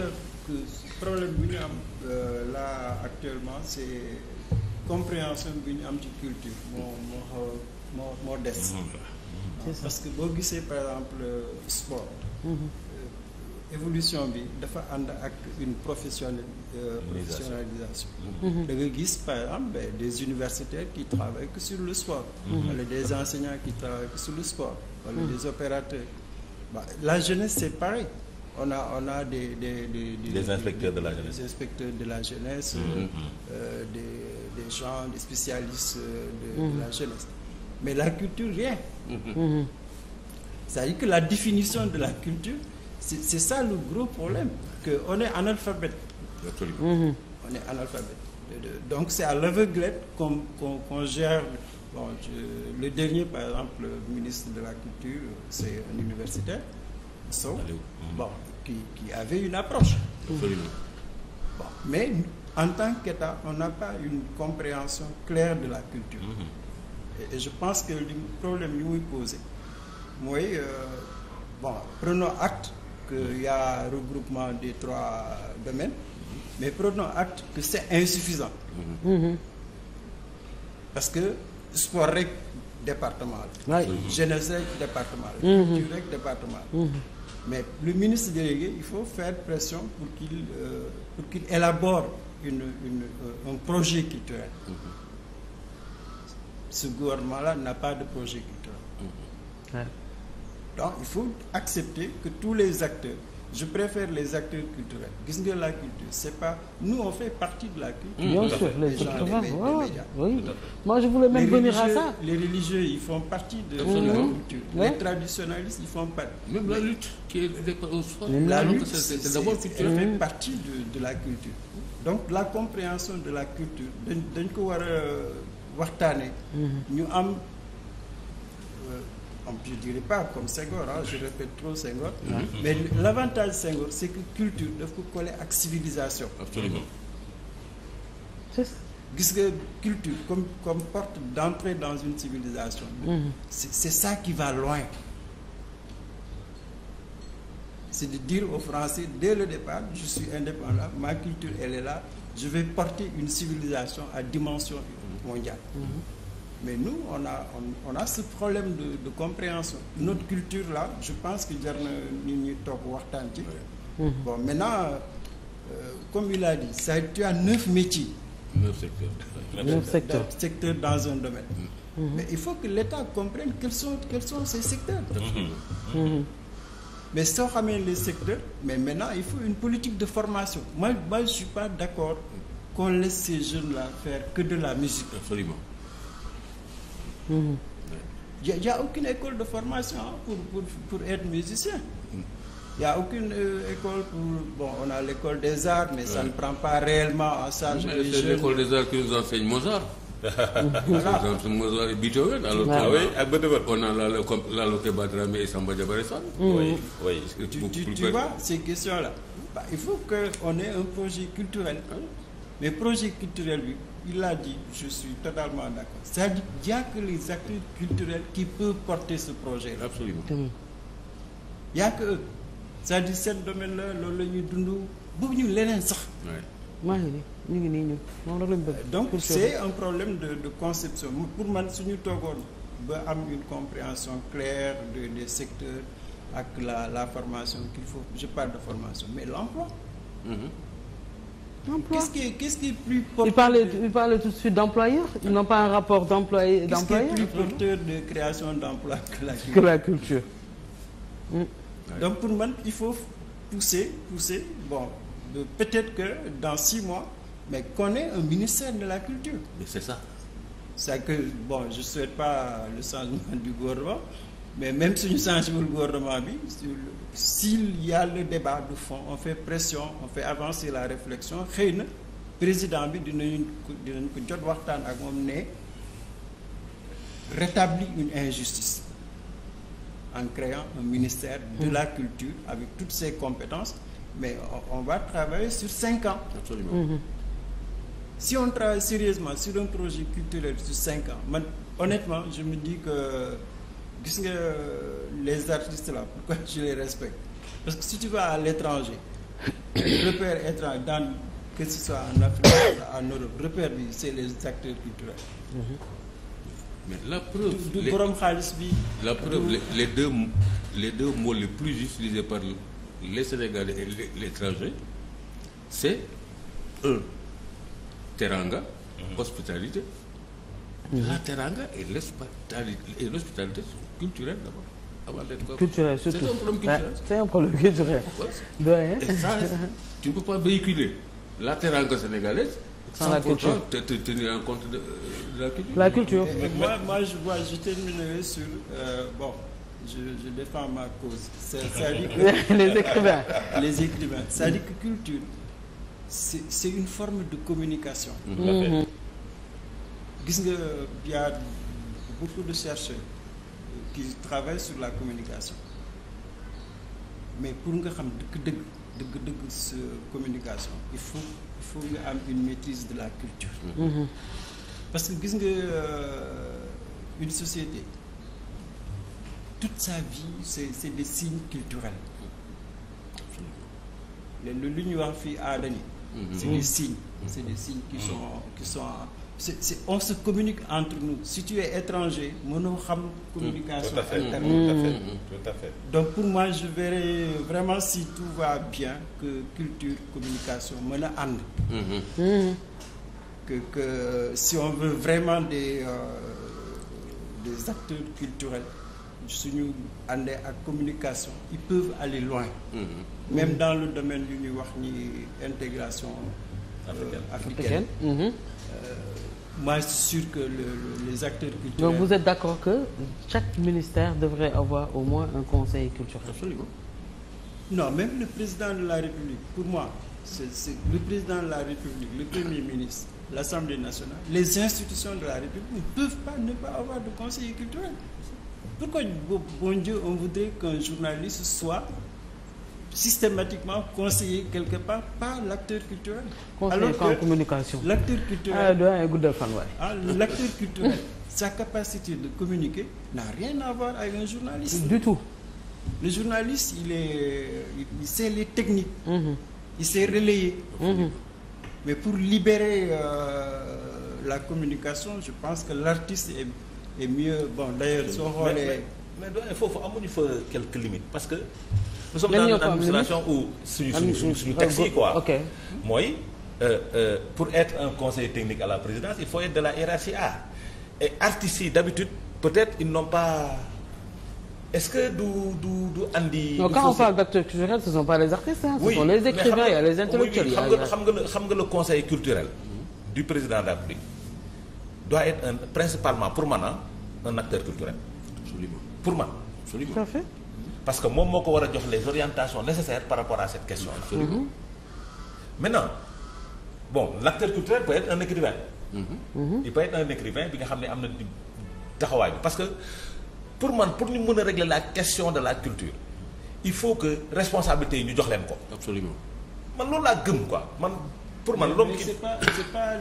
problème bi ñu am euh, là actuellement c'est compréhension bi ñu am ci culture moo moo xaw moo moo mmh. parce que boo gisee par exemple sport. Mmh. évolution bi dafa ànd ak une professionnel euh, professionnalisation mhm. da nga gis par exemple des universitaires qui travaillent que sur le sport mhm. des enseignants qui travaillent que sur le sport wala mhm. des opérateurs la jeunesse c'est pareil on a des des des, des, des inspecteurs de la jeunesse des de la jeunesse. Mm des des gens des spécialistes euh, de, mm -hmm. de la jeunesse mais la culture rien. c'est-à-dire que la définition de la culture. c'est ça le gros problème que on est analphabète absolument mm -hmm. on est analphabète donc c'est à l'aveuglette qu'on qu'on qu'on gère bon je, le dernier par exemple le ministre de la culture c'est un universitaire Sow mm-hmm. bon qui qui avait une approche absolument bon mais en tant qu'État on n'a pas une compréhension claire de la culture mm -hmm. et, et je pense que le problème yi muy posé mooy euh, bon prenons acte qu'il y a regroupement des trois domaines, mais prenons acte que c'est insuffisant. Mm-hmm. Parce que sport rek département la. jeunesse rek département mm-hmm. la. rek département la. Mm-hmm. mais le ministre délégué il faut faire pression pour qu'il euh, pour qu'il élabore une une euh, projet culturel. ce gouvernement-là n'a pas de projet culturel. donc il faut accepter que tous les acteurs je préfère les acteurs culturels gis nga la culture c'est pas nous on fait partie de la culture. bien les gens les médias. oui moi je voulais même venir à ça. de. la mhm. culture les traditionnalistes ils font partie. de la culture. donc la compréhension de la culture dañ dañ ko war a euh, waxtaanee. Mhm. ñu am. Euh, je dirais pas comme Senghor ah je répète trop Senghor. Mm -hmm. mais l'avantage Senghor c'est que culture daf ko collé ak civilisation. absolument. gis nga culture comme comme porte d'entrée dans une civilisation. Mm -hmm. c'est c'est ça qui va loin. c'est de dire aux Français dès le départ je suis indépendant ma culture elle est là je vais porter une civilisation à dimension mondiale. Mm-hmm. mais nous on a on, on a ce problème de compréhension notre culture là je pense que jar na ñu ñuy toog waxtaan ci mhm. bon maintenant euh, comme il a dit ça tu as neuf métiers neuf secteurs secteur dans un domaine mm -hmm. mais il faut que l'État comprenne quels sont quels sont ces secteurs mm mais soo xamee les secteurs mais mais maintenant il faut une politique de formation moi moi je suis pas d'accord qu'on laisse ces jeunes là faire que de la musique absolument j'ai j'ai aucune école de formation pour pour pour être musicien. Il a aucune euh, école Bon, on a l'école des arts, mais ouais. ça ne prend pas réellement en charge les jeunes. C'est l'école des arts qui nous enseigne Mozart. voilà. Par exemple, Mozart et Beethoven. Alors, voilà. ah oui, à Beethoven. On a Lalo Badramé et Samba Diabaresson. Oui, oui. Que tu, tu, tu, tu vois, ces questions-là. Bah, il faut qu'on ait un projet culturel. Hein? Mais projet culturel, lui, il a dit, je suis totalement d'accord. sa à dire qu'il n'y a les acteurs culturels qui peuvent porter ce projet. -là. Absolument. Il n'y a que eux. cest à domaine-là, loolu la ñuy dund bëgguñu leneen sax. maa ngi nii ñu ngi nii ñu moom la ñu bëgg. donc c'est un problème de de conception pour man suñu toogoon ba am une compréhension claire de des secteurs ak la la formation qu'il faut je parle de formation mais l'emploi. mm Qu'est-ce qui, qui est plus porteur... Il parlait, il parlait tout de suite d'employeurs. Ils n'ont pas un rapport d'employé, d'employeur. Qu'est-ce de création d'emplois que la culture. Hmm. Donc pour man il faut pousser, pousser. Bon, peut-être que dans six mois, mais qu'on ait un ministère de la culture. Mais c'est ça. C'est que, bon, je ne souhaite pas le changement du gouvernement, mais même si nous changeons le gouvernement, s'il y a le débat de fond on fait pression on fait avancer la réflexion xëy na président bi dinañu dinañ ko jot waxtaan ak moom ne rétablit une injustice en créant un ministère de la culture avec toutes ses compétences mais on va travailler sur cinq ans absolument mm -hmm. si on travaille sur un projet culturel sur cinq ans man honnêtement je me dis que gis nga euh, les artistes là pourquoi je les respecte parce que si tu à l'étranger repère étranger dans que ce soit en Afrique en Europe repère bi c'est les acteurs culturels mm -hmm. mais la preuve du borom xaalis bi la preuve les, les deux les deux mots les plus utilisés par les Sénégalais et l'étranger c'est un teranga mm -hmm. hospitalité mm -hmm. la teranga et l'hospitalité et culturel d'abord. avant ah d'être quoi. culturel surtout c'est un problème culturel. doyen. ça ne peux pas véhiculer la teranga sénégalaise. sans la culture sans pourtant en compte de euh, la culture. la culture. moi moi je terminerai sur euh, bon. Je, défends ma cause. C'est-à-dire que les écrivains. les écrivains. cest une forme de communication. Mm-hmm. Gis nga y beaucoup de chercheurs qui travaille sur la communication mais pour nga xam dëgg dëkk dëgg-dëgg communication il faut il faut nga am une maîtrise de la culture mmh. parce que gis nga euh, une société toute sa vie c'est c'est des signes culturels lu lu ñu wax fii aada ni mhm. c'est des mhm. signes mhm. c'est des signes qui sont qui sont c'est c'est on se communique entre nous si tu es étranger mënoo xam hmm. communication tout à fait, interne hmm. tout à fait, hmm. tout à fait. donc pour moi je verrai vraiment si tout va bien que culture communication mën a ànd que que si on veut vraiment des euh, des acteurs culturels suñu àndee ak communication ils peuvent aller loin mmh. même mmh. dans le domaine yu ñuy wax ni intégration africaine euh, africaine, africaine. Mmh. Euh, moi je suis sûr que le, le, les acteurs culturels. Donc vous êtes d'accord que chaque ministère devrait avoir au moins un conseil culturel. Absolument. Non, même le président de la République, pour moi, c'est le président de la République, le Premier ministre, l'Assemblée nationale, les institutions de la République ne peuvent pas ne pas avoir de conseiller culturel. Pourquoi, bon Dieu, on voudrait qu'un journaliste soit systématiquement conseillé quelque part par l'acteur culturel. conseiller en communication l'acteur culturel ah, ah, l'acteur culturel sa capacité de communiquer n'a rien à voir avec un journaliste. du tout. le journaliste il est il sait les techniques. Mm il sait relayer. Mhm. mais pour libérer euh, la communication je pense que l'artiste est mieux d'ailleurs soo xoolee. mais mais foofu amuñu fa quelques limites parce que. nous sommes dans une administration où suñu suñu suñu texte mooy euh, euh, pour être un conseil technique à la présidence il faut être de la hiérarchie A et artistes yi d'habitude peut-être ils n'ont pas est-ce que du du du andi. non quand on parle d'acteurs culturels ce sont pas les artistes hein, ce oui, sont les écrivains y a les intellectuels oui, xam nga la xam nga le conseil culturel du président de la République doit être un principalement pour man un acteur culturel. pour man. absolument parce que moom moo ko war a jox les orientations nécessaires par rapport à cette question mm-hmm. là. mais maintenant bon l'acteur culturel peut être un écrivain. Mm-hmm. Mm-hmm. il peut être bi nga xam ne am na taxawaay bi parce que pour man pour ñu mën a régler la question de la culture il faut que responsabilité yi ñu jox leen ko. absolument man loolu laa gëm quoi man. pour man l'homme qui... c'est pas c'est pas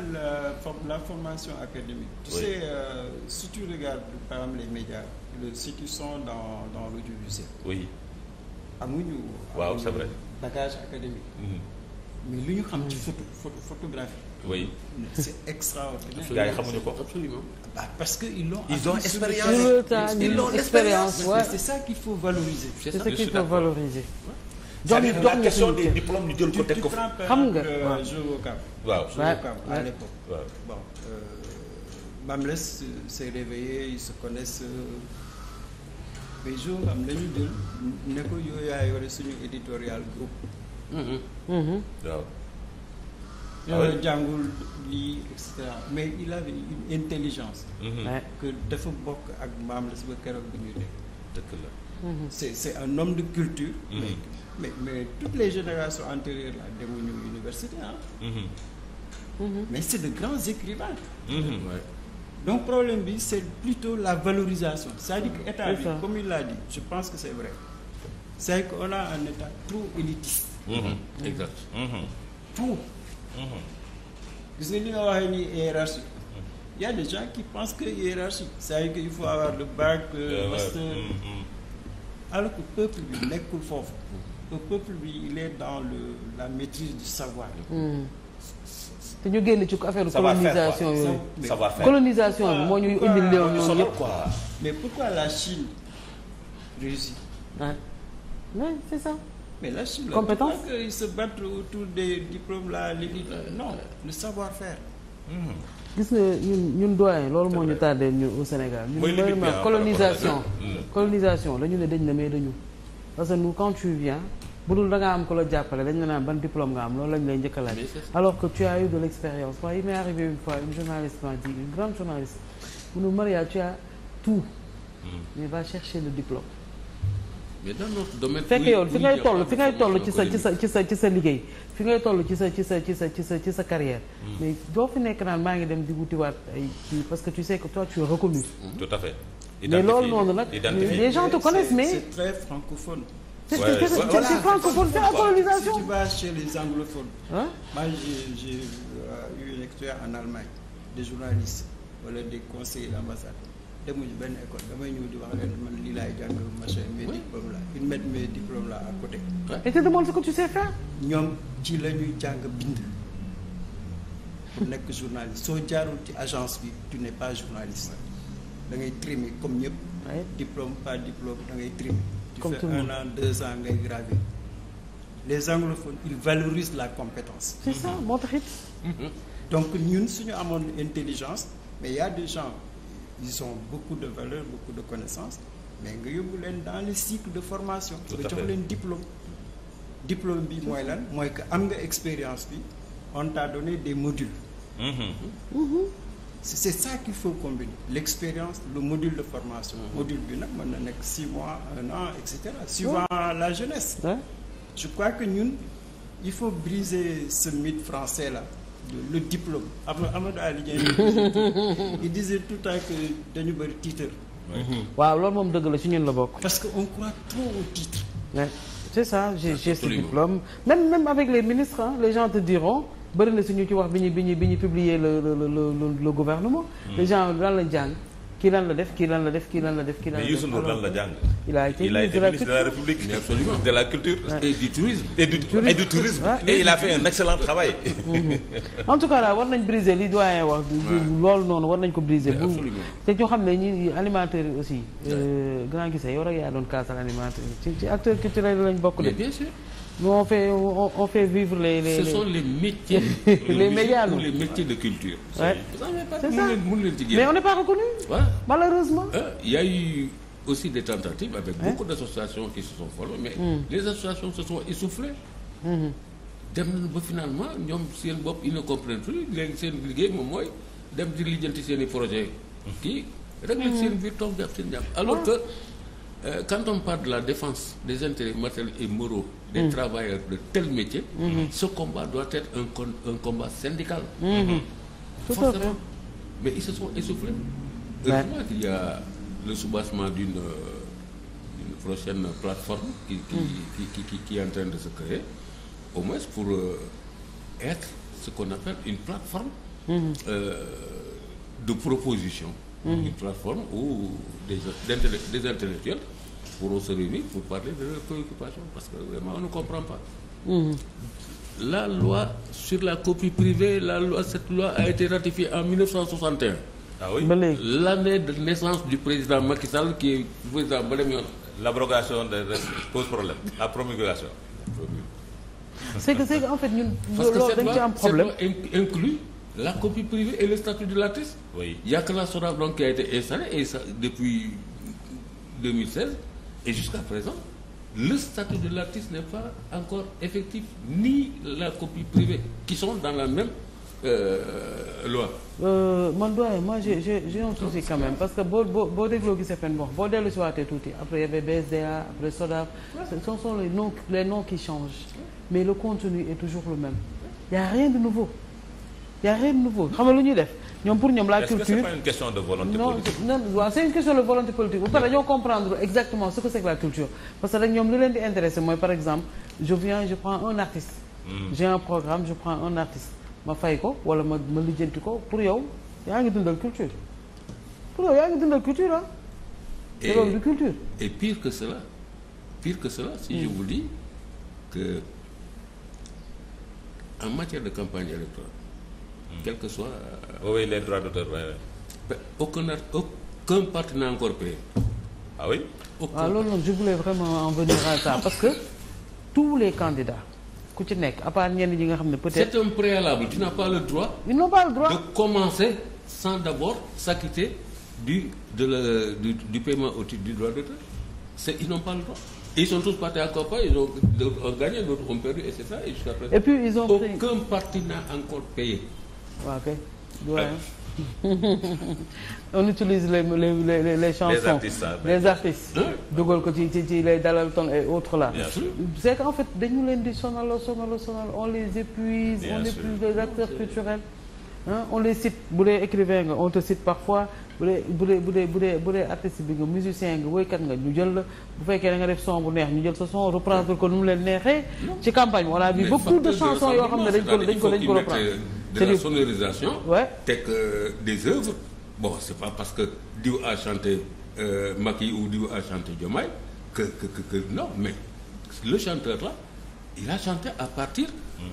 la, formation académique. tu oui. sais euh, si tu par exemple les médias. le ceux qui sont dans dans l'audiovisuel. oui. amuñu. waaw c'est vrai bagage académique. Mhm. mais lu ñu xam ci photo photo photographie. c'est extraordinaire. gars yi xamuñu ko. absolument parce que ils l'ont. ils ont expérience ils c'est ça qu'il faut valoriser. c'est ça qu'il faut valoriser. c'est-à-dire la question des diplômes ñu jël se connaissent. Euh, mais jour am la ñu ko yow yaa yore suñu éditorial groupe. Mm-hmm. Mm-hmm. waaw. yoo ah jàngul lii et mais il avait une intelligence. Mm-hmm. que dafa bokk ak maam la suba keroog bi ñu nekk. dëgg la. c'est c'est un homme de culture. mais mais mais toutes les générations antérieures là demuñu université mais c'est de grands écrivains. donc problème bi c' est plutôt la valorisation c'est-à-dire que état bi comme il l'a dit je pense que c'est vrai c'est qu'on a un état trop élitiste mm-hmm. Mm-hmm. exact mm-hmm. trop gis li nga waxee ni hiérarchie il des gens qui pensent que hiérarchie c'est-à-dire que il faut avoir le bac le euh, alors que peuple bi nekkul foofu le peuple bi il est dans la maîtrise du savoir mm. te ñu génn ci affaire colonisation yooyu colonisation bi moo ñuy indil léew ñoom yëpp mais pourquoi la Chine réussit ah oui c'est ça la Chine compétence ils se battent autour des diplômes là léegi non le savoir-faire hmm. gis nga ñun ñun doyen loolu moo ñu tardé ñu au Sénégal ñun colonisation hmm. colonisation dañu ne dañ na mais dañu parce que nous quand bu dul danga am ko la jàppale dañ la naan ban diplôme nga am loolu lañ lay njëkk a laaj alors que tu as eu de l'expérience waaye il m'est arrivé une fois une journaliste m'a dit une grande journaliste mu ne Maria tu as tout hmm. mais va chercher le diplôme mais dans notre domaine fekk yow fi ngay toll fi ngay toll ci sa ci sa ci sa ci sa liggéey fi ngay toll ci sa ci sa ci sa ci sa ci sa carrière hmm. mais doo fi nekk naan maa ngi dem di wutiwaat ay parce que tu sais que toi tu hmm. mais loolu noonu nag les gens te connaissent mais Ouais, voilà. Je pense qu'on peut faire la colonisation. Si tu vas chez les anglophones, hein? moi j'ai euh, eu une expérience en Allemagne, des journalistes wala des conseillers mu demuñu benn école damay ñëw di wax leen man lii laay jàng machin mes diplômes là ils mettent mes diplômes là à côté. et te demande ce tu sais faire. ñoom ci la ñuy jàng bind. pour nekk journaliste soo jaarul ci agence bi tu n'es pas journaliste da ngay trimer comme ñëpp. diplôme pas diplôme da ngay trimer. comme tout le monde an deux ans ngay gravé les anglophones ils valorisent la compétence. c'est ça mhm. moo taxit. Mhm. donc ñun suñu amoon intelligence mais y a des gens ils ont beaucoup de valeur beaucoup de connaissances mais nga yóbbu leen dans les cycles de formation. nga jox leen diplôme. diplôme bi mooy lan mooy que am nga expérience bi on t'a donné des modules. Mm -hmm. c'est ça qu'il faut combiner l'expérience le module de formation mm-hmm. module bi nag mën na nekk six mois un an et cetera suivant la jeunesse je crois que ñun il faut briser ce mythe français la le diplôme Amadou Ali Dieng il disait tout à que dañu bëri titre mm-hmm. waaw loolu moom dëgg la ci ñun la bokk parce que on croit trop au titre c'est ça j'ai ce diplôme même même avec les ministres hein, les gens te diront bëri na suñu ci wax bi ñu bi ñu bi ñu publier le le le le gouvernement. Hmm. les gens lan la jàng kii lan la def kii lan la def kii lan la def. kii lan la def mais Youssou Ndour lan la jàng. il a été ministre de la République mais absolument de la culture. et du tourisme. et du et du tourisme. et il a fait un excellent travail. en tout cas daal war nañ briser li doyen wax. loolu noonu war nañ ko briser. bu te ñoo xam ne ñi animateurs yi aussi. Euh, grand Guissé yow rek yaa doon kaasal animateur ci ci acteur culturel lañ bokk de. bien sûr. Nous, on fait, on, on fait vivre les, les, Ce les... sont les métiers. les, médias. les métiers de culture. Ouais. Vous pas ça. Mais on n'est pas reconnu. Ouais. Malheureusement. Il y a eu aussi des tentatives avec hein? beaucoup d'associations qui se sont formées, mais mm. les associations se sont essoufflées. Hmm. dem nañu ba finalement ñoom seen bopp ils ne comprennent plus léegi seen liggéey moom mooy dem di lijjanti seen i projet kii régler hmm. seen biir toog def seen alors que euh, quand on parle de la défense des intérêts matériels et moraux des mm. travailleurs de tel métier. Mm-hmm. ce combat doit être un con un combat syndical. Mm-hmm. forcément mais ils se sont essoufflés. heureusement qu'il y a le soubassement d'une prochaine plateforme. qui qui mm. qui qui de se au moins pour euh, être ce qu'on appelle une plateforme. Mm-hmm. Euh, de proposition. une plateforme où des intellectuels. pour parler de leurs préoccupations parce que vraiment on ne comprend pas. Mmh. La loi sur la copie privée, la loi, cette loi a été ratifiée en 1961. Ah oui. L'année de naissance du président Macky qui président Malem Yoon. L'abrogation de pose problème. La promulgation. C'est que c'est en fait ñun loolu dañ ci problème parce la copie privée et le de l'artiste. Oui. la SODAV donc qui a été installée et depuis Et jusqu'à présent, le statut de l'artiste n'est pas encore effectif, ni la copie privée, qui sont dans la même euh, loi. Euh, man doyen j'ai j'ai un quand même parce que boo boo boo dégloo gisee fen bon boo dellu si waatee tuuti après y avait BSDA après SODAV ce sont les noms qui changent mais le contenu est toujours le même y a rien de nouveau y a rien de nouveau xam nga lu ñuy def ñoom pour ñoom la culture est-ce que c'est pas une question de volonté politique non non c'est une question de volonté politique. ba pare comprendre exactement ce que c'est que la culture parce que rek ñoom lu leen di intéressé mooy par exemple je viens je prends un artiste. Hmm. j'ai un programme je prends un artiste ma fay ko wala ma ma lijjanti ko pour yow yaa ngi dundal culture pour yow yaa ngi dundal culture ah. et loolu du pire que cela pire que cela si je hmm. vous dis que en matière de campagne électorale. quel que soit. Euh, oui les droits d'auteur aucun aucun parti n'a encore payé. ah oui. Ah, je voulais vraiment en venir à ça parce que tous les candidats ku ci nekk à part ñenn ñi nga xam ne peut-être. c'est un préalable tu pas le droit. ils n'ont pas le droit de commencer sans d'abord s'acquitter du paiement au du droit d'auteur c'est ils n'ont pas le droit. Ils sont tous partis à Copa, ils ont, gagné, d'autres ont perdu, et c'est ça, et jusqu'à présent. Et puis ils ont Aucun waaw kay euh. on utilise les les les les chansons les artistes dugal ko ci ci ci les Dalton et autres là. c'est qu'en fait dañu leen di sonalo sonalo sonal on les épuise. Bien on épuise les acteurs culturels. Hein, on les cite bu dee écrivain nga on te cite parfois bu dee bu dee bu dee bu dee bu dee artiste bi nga musicien nga woykat nga ñu jël la bu fekkee da nga def son bu neex ñu jël sa son reprendre ko nu mu leen neexee. ci campagne bi on a vu beaucoup de chansons yoo xam ne dañ ko dañ ko dañ ko reprendre. Euh, de la sonorisation. ouais teg euh, des œuvres bon c'est pas parce que diw a chanté euh, Macky ou diw a chanté Diomaye que que que non mais le chanteur là il a chanté à partir.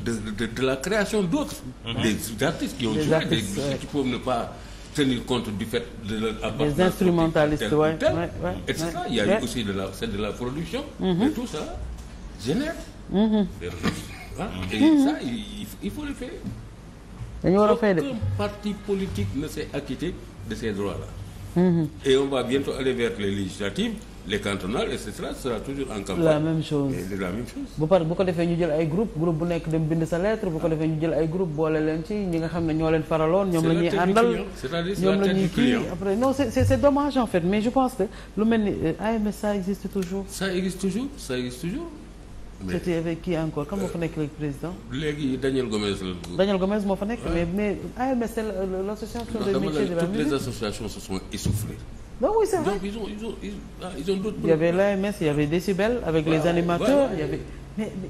de de de la création d'autres. Mm-hmm. des artistes qui ont joué des qui peuvent ne pas. tenir compte du fait de leur appartenance. et c'est ouais, y a aussi de la, celle de la production. Mm -hmm. Et tout ça génère mm -hmm. des ressources. Hein? Mm -hmm. Et mm-hmm. ça, il, il, faut le faire. Aucun de... parti politique ne s'est acquitté de ces droits-là. Mm-hmm. Et on va bientôt aller vers les les cantonales et cetera sera toujours en campagne. la même chose la même chose. bu par bu ko defee ñu jël ay groupe groupe bu nekk dem bind sa lettre bu ko ah. defee ñu jël ay groupe boole leen ci ñi nga xam ne ñoo leen faraloon. ñoom la ñuy àndal ñoom la ñuy kii après non c' est c' est dommage en fait mais euh, AMS ça existe toujours. ça existe toujours ça existe toujours. mais c'était avec qui encore kan moo fa nekk léegi président. léegi Daniel Gomes la. Euh, Daniel Gomes AMS c' l' association. de métiers de la musique non dama se sont essoufflées. non oui c'est vrai donc ils ont ils ont ils, ah, ils ont d'autres. les animateurs voilà. il y avait mais mais,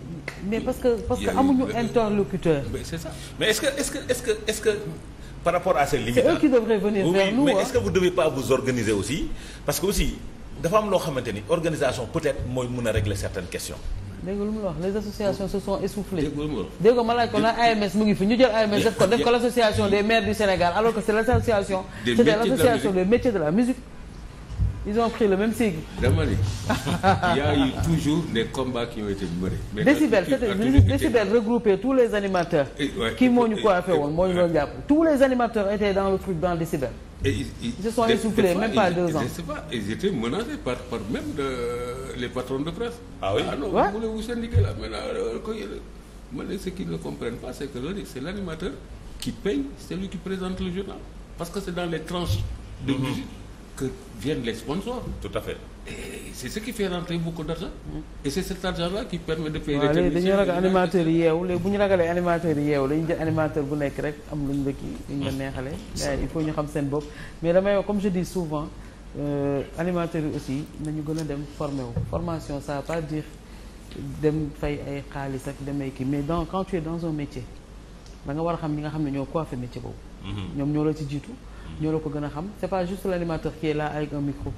mais parce que parce que amuñu interlocuteur. mais c'est ça mais est-ce que est-ce que est-ce venir oui, vers nous mais vous devez pas vous organiser aussi parce aussi dafa am loo xamante ni organisation peut-être mooy mën a régler certaines questions. dégg lu mu les associations se sont essoufflées. dégg lu mu wax dégg ma laaj ko na AMS mu ngi fi ñu jël AMS def ko def ko l'association des ils ont pris le même sigle. dama ni il y a eu toujours des combats qui ont été menés. décibel c'était décibel tous les animateurs. kii moo ñu coiffé woon moo ñu doon jàpp tous les animateurs étaient dans le truc dans le décibel. et ils ils se sont essoufflés même pas deux ans. ils étaient menacés par même de les patrons de presse. ah oui ah vous voulez vous syndiquer là maintenant euh, ce qu'ils ne comprennent pas c'est que loolu l'animateur qui paye celui qui présente le journal parce que viennent les sponsors. Tout à fait. Et c'est ce qui fait rentrer beaucoup d'argent. Mm. Et c'est cet argent-là qui permet de payer les techniciens. dañuy ragal animateurs yi yeewu léegi bu ñu ragalee animateurs yi yeewu dañuy jël animateur bu nekk rek am lu ñu la kii lu ñu la neexalee. Mm. il faut ñu xam seen bopp mais damay wax comme je dis souvent euh, animateurs yi aussi nañu gën a dem formé wu formation ça veut pas dire dem fay ay xaalis ak dem ay kii mais dans quand tu es dans un métier da nga war a xam ñi nga xam ne ñoo coiffé métier boobu. Mm-hmm. ñoom ñoo la ci jiitu. ñoo la ko gën a xam c'est pas juste l'animateur qui est la avec un micro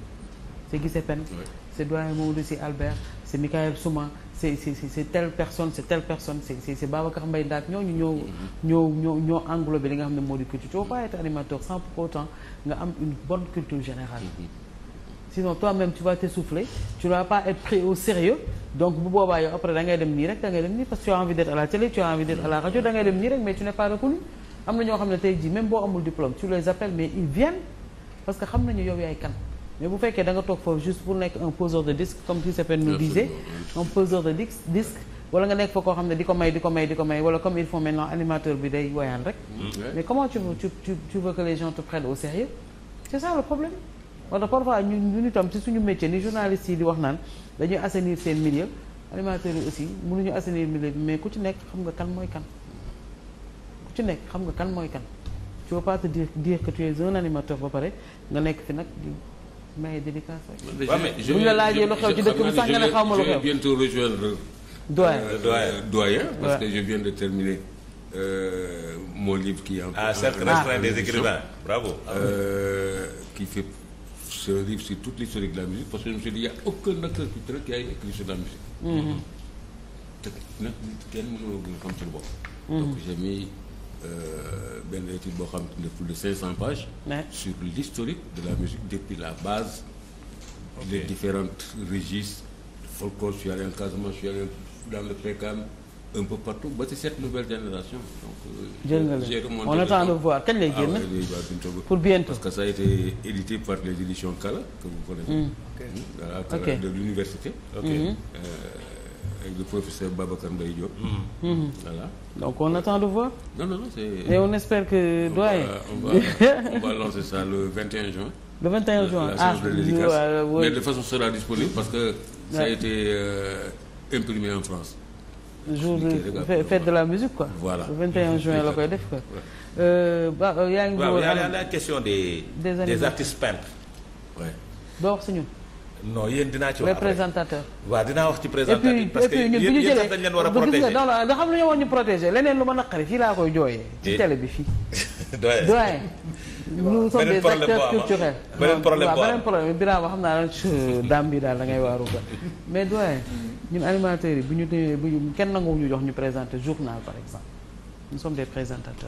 c'est Guissé Pène c'est doyen Mamadou Sy Albert c'est Mikayel Souma c'est c'est c'est personne c'est telle personne c'est c'est Babacar Mbaye Ndaak ñooñu mm-hmm. ñoo ñoo ñoo li nga xam ne moo di culture tu vas pas être animateur sans pour autant nga am une bonne culture générale mm-hmm. sinon toi-même tu vas tu vas pas être pris au sérieux donc bu boobaa yow après da ngay dem nii rek da ngay dem nii tu as envie tu as envie tu am na ñoo xam ne tey jii même boo amul diplôme tu les appelles mais ils viennent parce que xam nañu yow yaay kan mais bu fekkee da nga toog foofu juste pour nekk un poseur de disque comme tu s'appelle nous disait un poseur de disque disque wala nga nekk fa koo xam ne di ko may di ko may di ko may wala comme ils font maintenant animateur bi day woyaan rek mm, mais comment tu veux tu, tu, tu veux que les gens te au sérieux c'est ça le problème wala parfois ñu ñu itam ci suñu métier ni journalistes di wax naan dañuy assainir seen milieu yi aussi mënuñu assainir milieu mais ku ci nekk xam nga kan mooy kan ci nekk xam nga kan mooy kan tu peux pas te dire tu es animateur ba pare nga nekk fi nag di maye dédicace rek. waaw mais je bu ñu la laajee lu xew ci dëkk bi sax nga ne xaw ma lu xew. je vais bientôt rejoindre. Euh, doyen euh, doyen parce que je viens de euh, ah, de la musique nag mm-hmm. kenn mënuloo gën a xam ci lu bopp. Mm-hmm. donc j'ai Euh, benn étude boo xam ne plus de 500 pages. Ouais. sur l'historique de la musique depuis la base. Okay. les différentes registres folklore su yàlla en Casamance su dans le PCAM un peu partout ba ci cette nouvelle génération. donc jël euh, nga leen on attend de voir kañ lay ah génn. pour bientôt parce que ça a été édité par les éditions Kala que vous hmm. Hmm, de l'université. Hmm. Euh, avec le professeur Babacar Mbaye Diop. Mm-hmm. Mm-hmm. voilà donc on attend de non non non c'est. on espère que doyen. on va on va le 21 le 21 ah, séance de dédicace ah, oui. mais de façon sera disponible parce que. ça a été euh, de la musique quoi. le 21 juin la koy def quoi. Euh, ba euh, yaa y a la question des. des artistes peintres. doo wax no yéen dinaa ci wax après présentateur. waaw dinaa wax ci présentateur. parce que yéen sax dañ leen war a protéger xam lu ñu woon ñu protéger leneen lu ma naqari fii laa koy jooyee. ci télé bi fii. doyen doyen. nous sommes des acteurs ah. culturels. beneen problème boo am beneen problème bi Birama xam naa ne daam bi daal dangay ngay waaru ko mais doyen ñun animateurs yi bu ñu bu ñu kenn ñu jox ñu présenter journal par exemple nous sommes des présentateurs.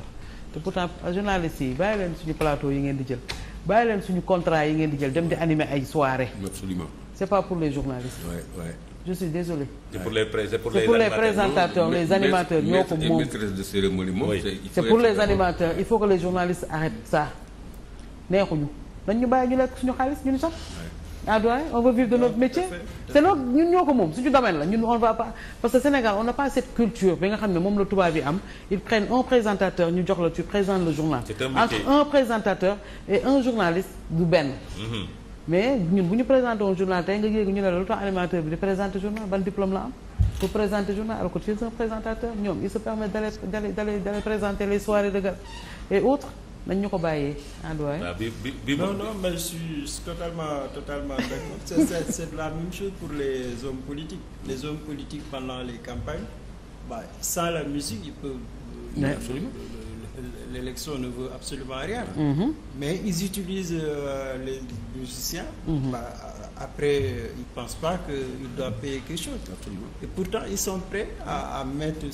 te pourtant journaliste yi bàyyi leen suñu plateau yi ngeen di jël bàyyi leen suñu contrat yi ngeen di jël dem di animer ay soirée absolument c'est pas pour les journalistes ouais, ouais. je suis désolé c'est pour les pré c'est pour les, pour les présentateurs les animateurs ñoo ko moom c'est pour les animateurs il faut que les journalistes arrêtent ça neexuñu nañ ñu bàyyi ñu lekk suñu xaalis ñu ni sax ah doyen on veut vivre de notre métier. c'est notre ñun ñoo ko moom suñu domaine la ñun on va pas parce que Sénégal on n'a pas cette culture bi nga xam ne moom la tubaab yi am ils prennent un présentateur ñu jox la tu présentes le journal. entre un présentateur et un journaliste du benn. Mhm. mais ñun bu ñu présenté woon journal tey nga yéegi ñu ne la lu animateur bi di présenté journal ban diplôme la am pour présenter journal alors que tu es un présentateur ñoom il se permet nañ ñu ko bàyyee en doyen. non non mais je suis totalement totalement d'accord c'est c'est c'est la même chose pour les hommes politiques les hommes politiques pendant les campagnes bah sans la musique ils peuvent. Euh, absolument l'élection ne veut absolument mm-hmm. mais ils utilisent euh, les musiciens. Mm -hmm. bah, après euh, ils pensent pas qu'ils doivent payer quelque chose. Absolument. pourtant ils sont prêts à à mettre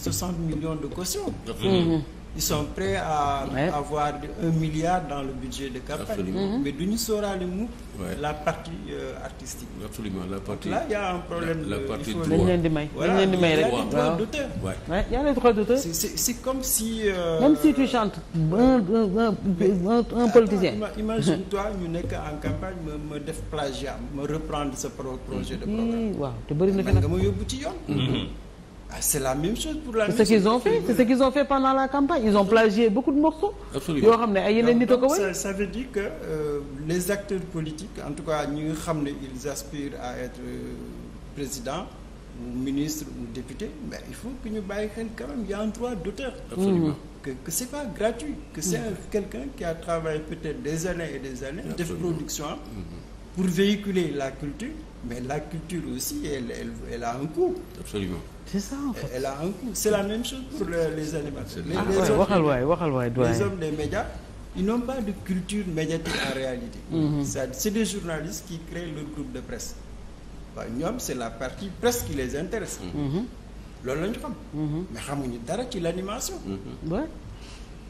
de caution. Absolument. Mm-hmm. ils sont prêts à ouais. avoir un milliard dans le budget de campagne. Absolument. Mhm. Mais duñu sóoraale mu la partie euh, artistique. Absolument, la partie. Donc là, il y a un problème la, la partie de dañ leen di may dañ leen di may rek waaw droit d'auteur. Ouais. Il y a les droits d'auteur. C'est c'est comme si euh, même si tu chantes un un un, un politicien. Imagine toi ñu nekk en campagne ma ma def plagiat ma reprendre ce projet de programme. waaw te bëri na fi nag nga ma yóbbu ci yoon. Mhm. Ah, c'est la même chose pour la musique. C'est ce qu'ils ont fait, pendant la campagne. Ils ont plagié beaucoup de morceaux. Absolument. yoo xam ne ay yeneen nit a euh, les acteurs politiques en tout cas ñi nga xam ne ils aspirent à être euh, président ou ministre ou député mais il faut que ñu bàyyi xel quand même a un d'auteur. Mmh. que que c'est pas gratuit. que c'est mmh. quelqu'un qui a travaillé peut-être des années et des années. def production. Mm -hmm. pour véhiculer la culture mais la culture aussi elle elle, elle a un c'est ça en la même chose pour les animateurs. Ah, les les waxal waay waxal waay doyen les hommes des médias ils n'ont pas de culture médiatique en réalité. Mm-hmm. c'est des journalistes qui créent leur groupe de presse. waaw ñoom c'est la partie presse qui les intéresse. Mm-hmm. Mm-hmm. loolu la ñu xam. mais xamuñu dara ci l'animation.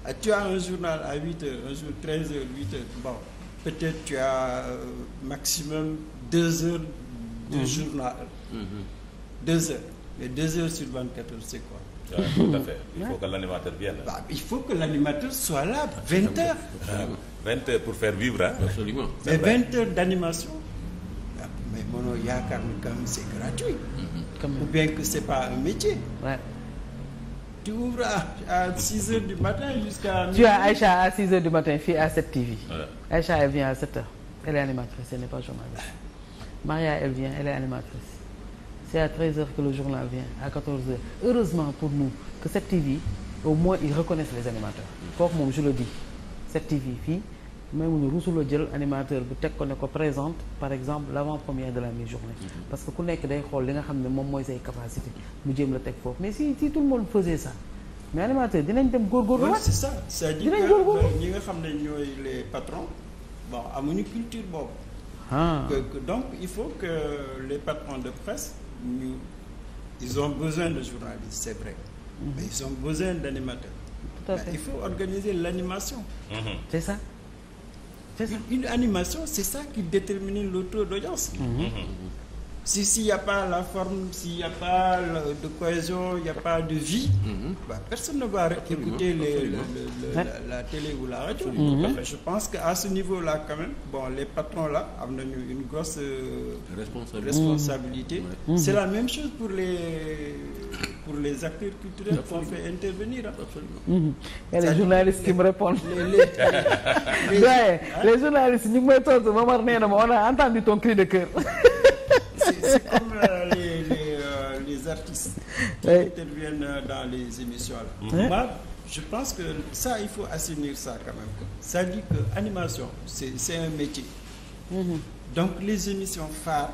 ah tu as un journal à huit heures un jour treize heures huit heures bon peut-être tu as euh, maximum deux heures. de journal. deux heures. mais deux heures sur vingt-quatre heures c'est quoi ah, tout à il faut que l'animateur vienne bah, il faut que l'animateur soit là vingt ah, heures vingt heures pour faire vivre hein absolument mais vingt heures d'animation ah, mais mënoo yaakaar ni quand même c'est gratuit quand mm-hmm. même ou bien que c'est pas un métier ouais. tu ouvres à à six heures du matin jusqu'à tu as Aïcha à six heures du matin fii à 7 TV ouais. Aïcha elle vient à sept heures elle est animatrice elle n'est pas c'est à 13h que le heureusement pour nous que 7TV au moins ils reconnaissent les animateurs kooku moom je le dis 7TV fii même ñu ruusuloo jël animateur bi teg ko ne ko présente par exemple l'avant-première de la mi-journée parce que ku nekk day xool li nga xam ne moom mooy say capacité mu jéem la teg foofu mais si si tout le monde faisait ça mais animateur dinañ dem góorgóorlu waat c'est ça c'est-à-dire ñi nga xam ne ñooy les patrons bon amuñu culture boobu ah il faut que les patrons de presse ñu ils ont besoin de journalistes c'est vrai mhm. mais ils ont besoin d'animateurs tout à il faut organiser l'animation mhm. c'est ça c'est ça une animation c'est ça qui détermine le d'audience mhm. si s'il n'y a pas la forme, s'il n'y a pas le, de a pas de vie, mm-hmm. bah, personne ne va absolument, la, la, télé ou la radio. Mm-hmm. Je pense qu'à ce niveau-là, les patrons là une, grosse euh, responsabilité. Mhm. C'est la même chose pour les pour les acteurs culturels qu'on fait intervenir. Hein. Mhm. les journalistes qui me répondent. Les, journalistes, nous on a entendu ton cri de cœur. c'est comme euh, les les, euh, les artistes. qui interviennent euh, dans les émissions là. je pense que ça il faut assainir ça quand dit que animation c'est un métier. Mm-hmm. Donc les émissions phares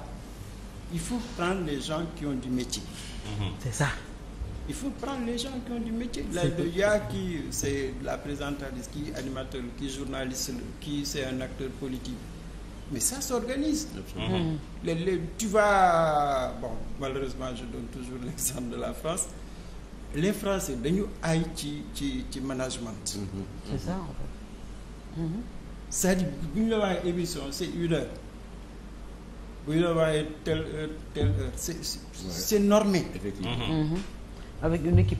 il faut prendre les gens qui ont du métier. Mm -hmm. C'est ça. Il faut prendre les gens qui ont du métier. Là, le gars qui c'est la présentatrice, qui animateur, qui journaliste, qui c'est un acteur politique. mais ça s'organise mm. le les tu vas bon malheureusement je donne toujours l'exemple de la France les Français dañu aay ci ci ci management mm-hmm. Mm-hmm. c'est ça en mm-hmm. bu ñu la waxee émission c'est une heure bu ñu la waxee telle heure telle heure c'est normé effectivement avec une équipe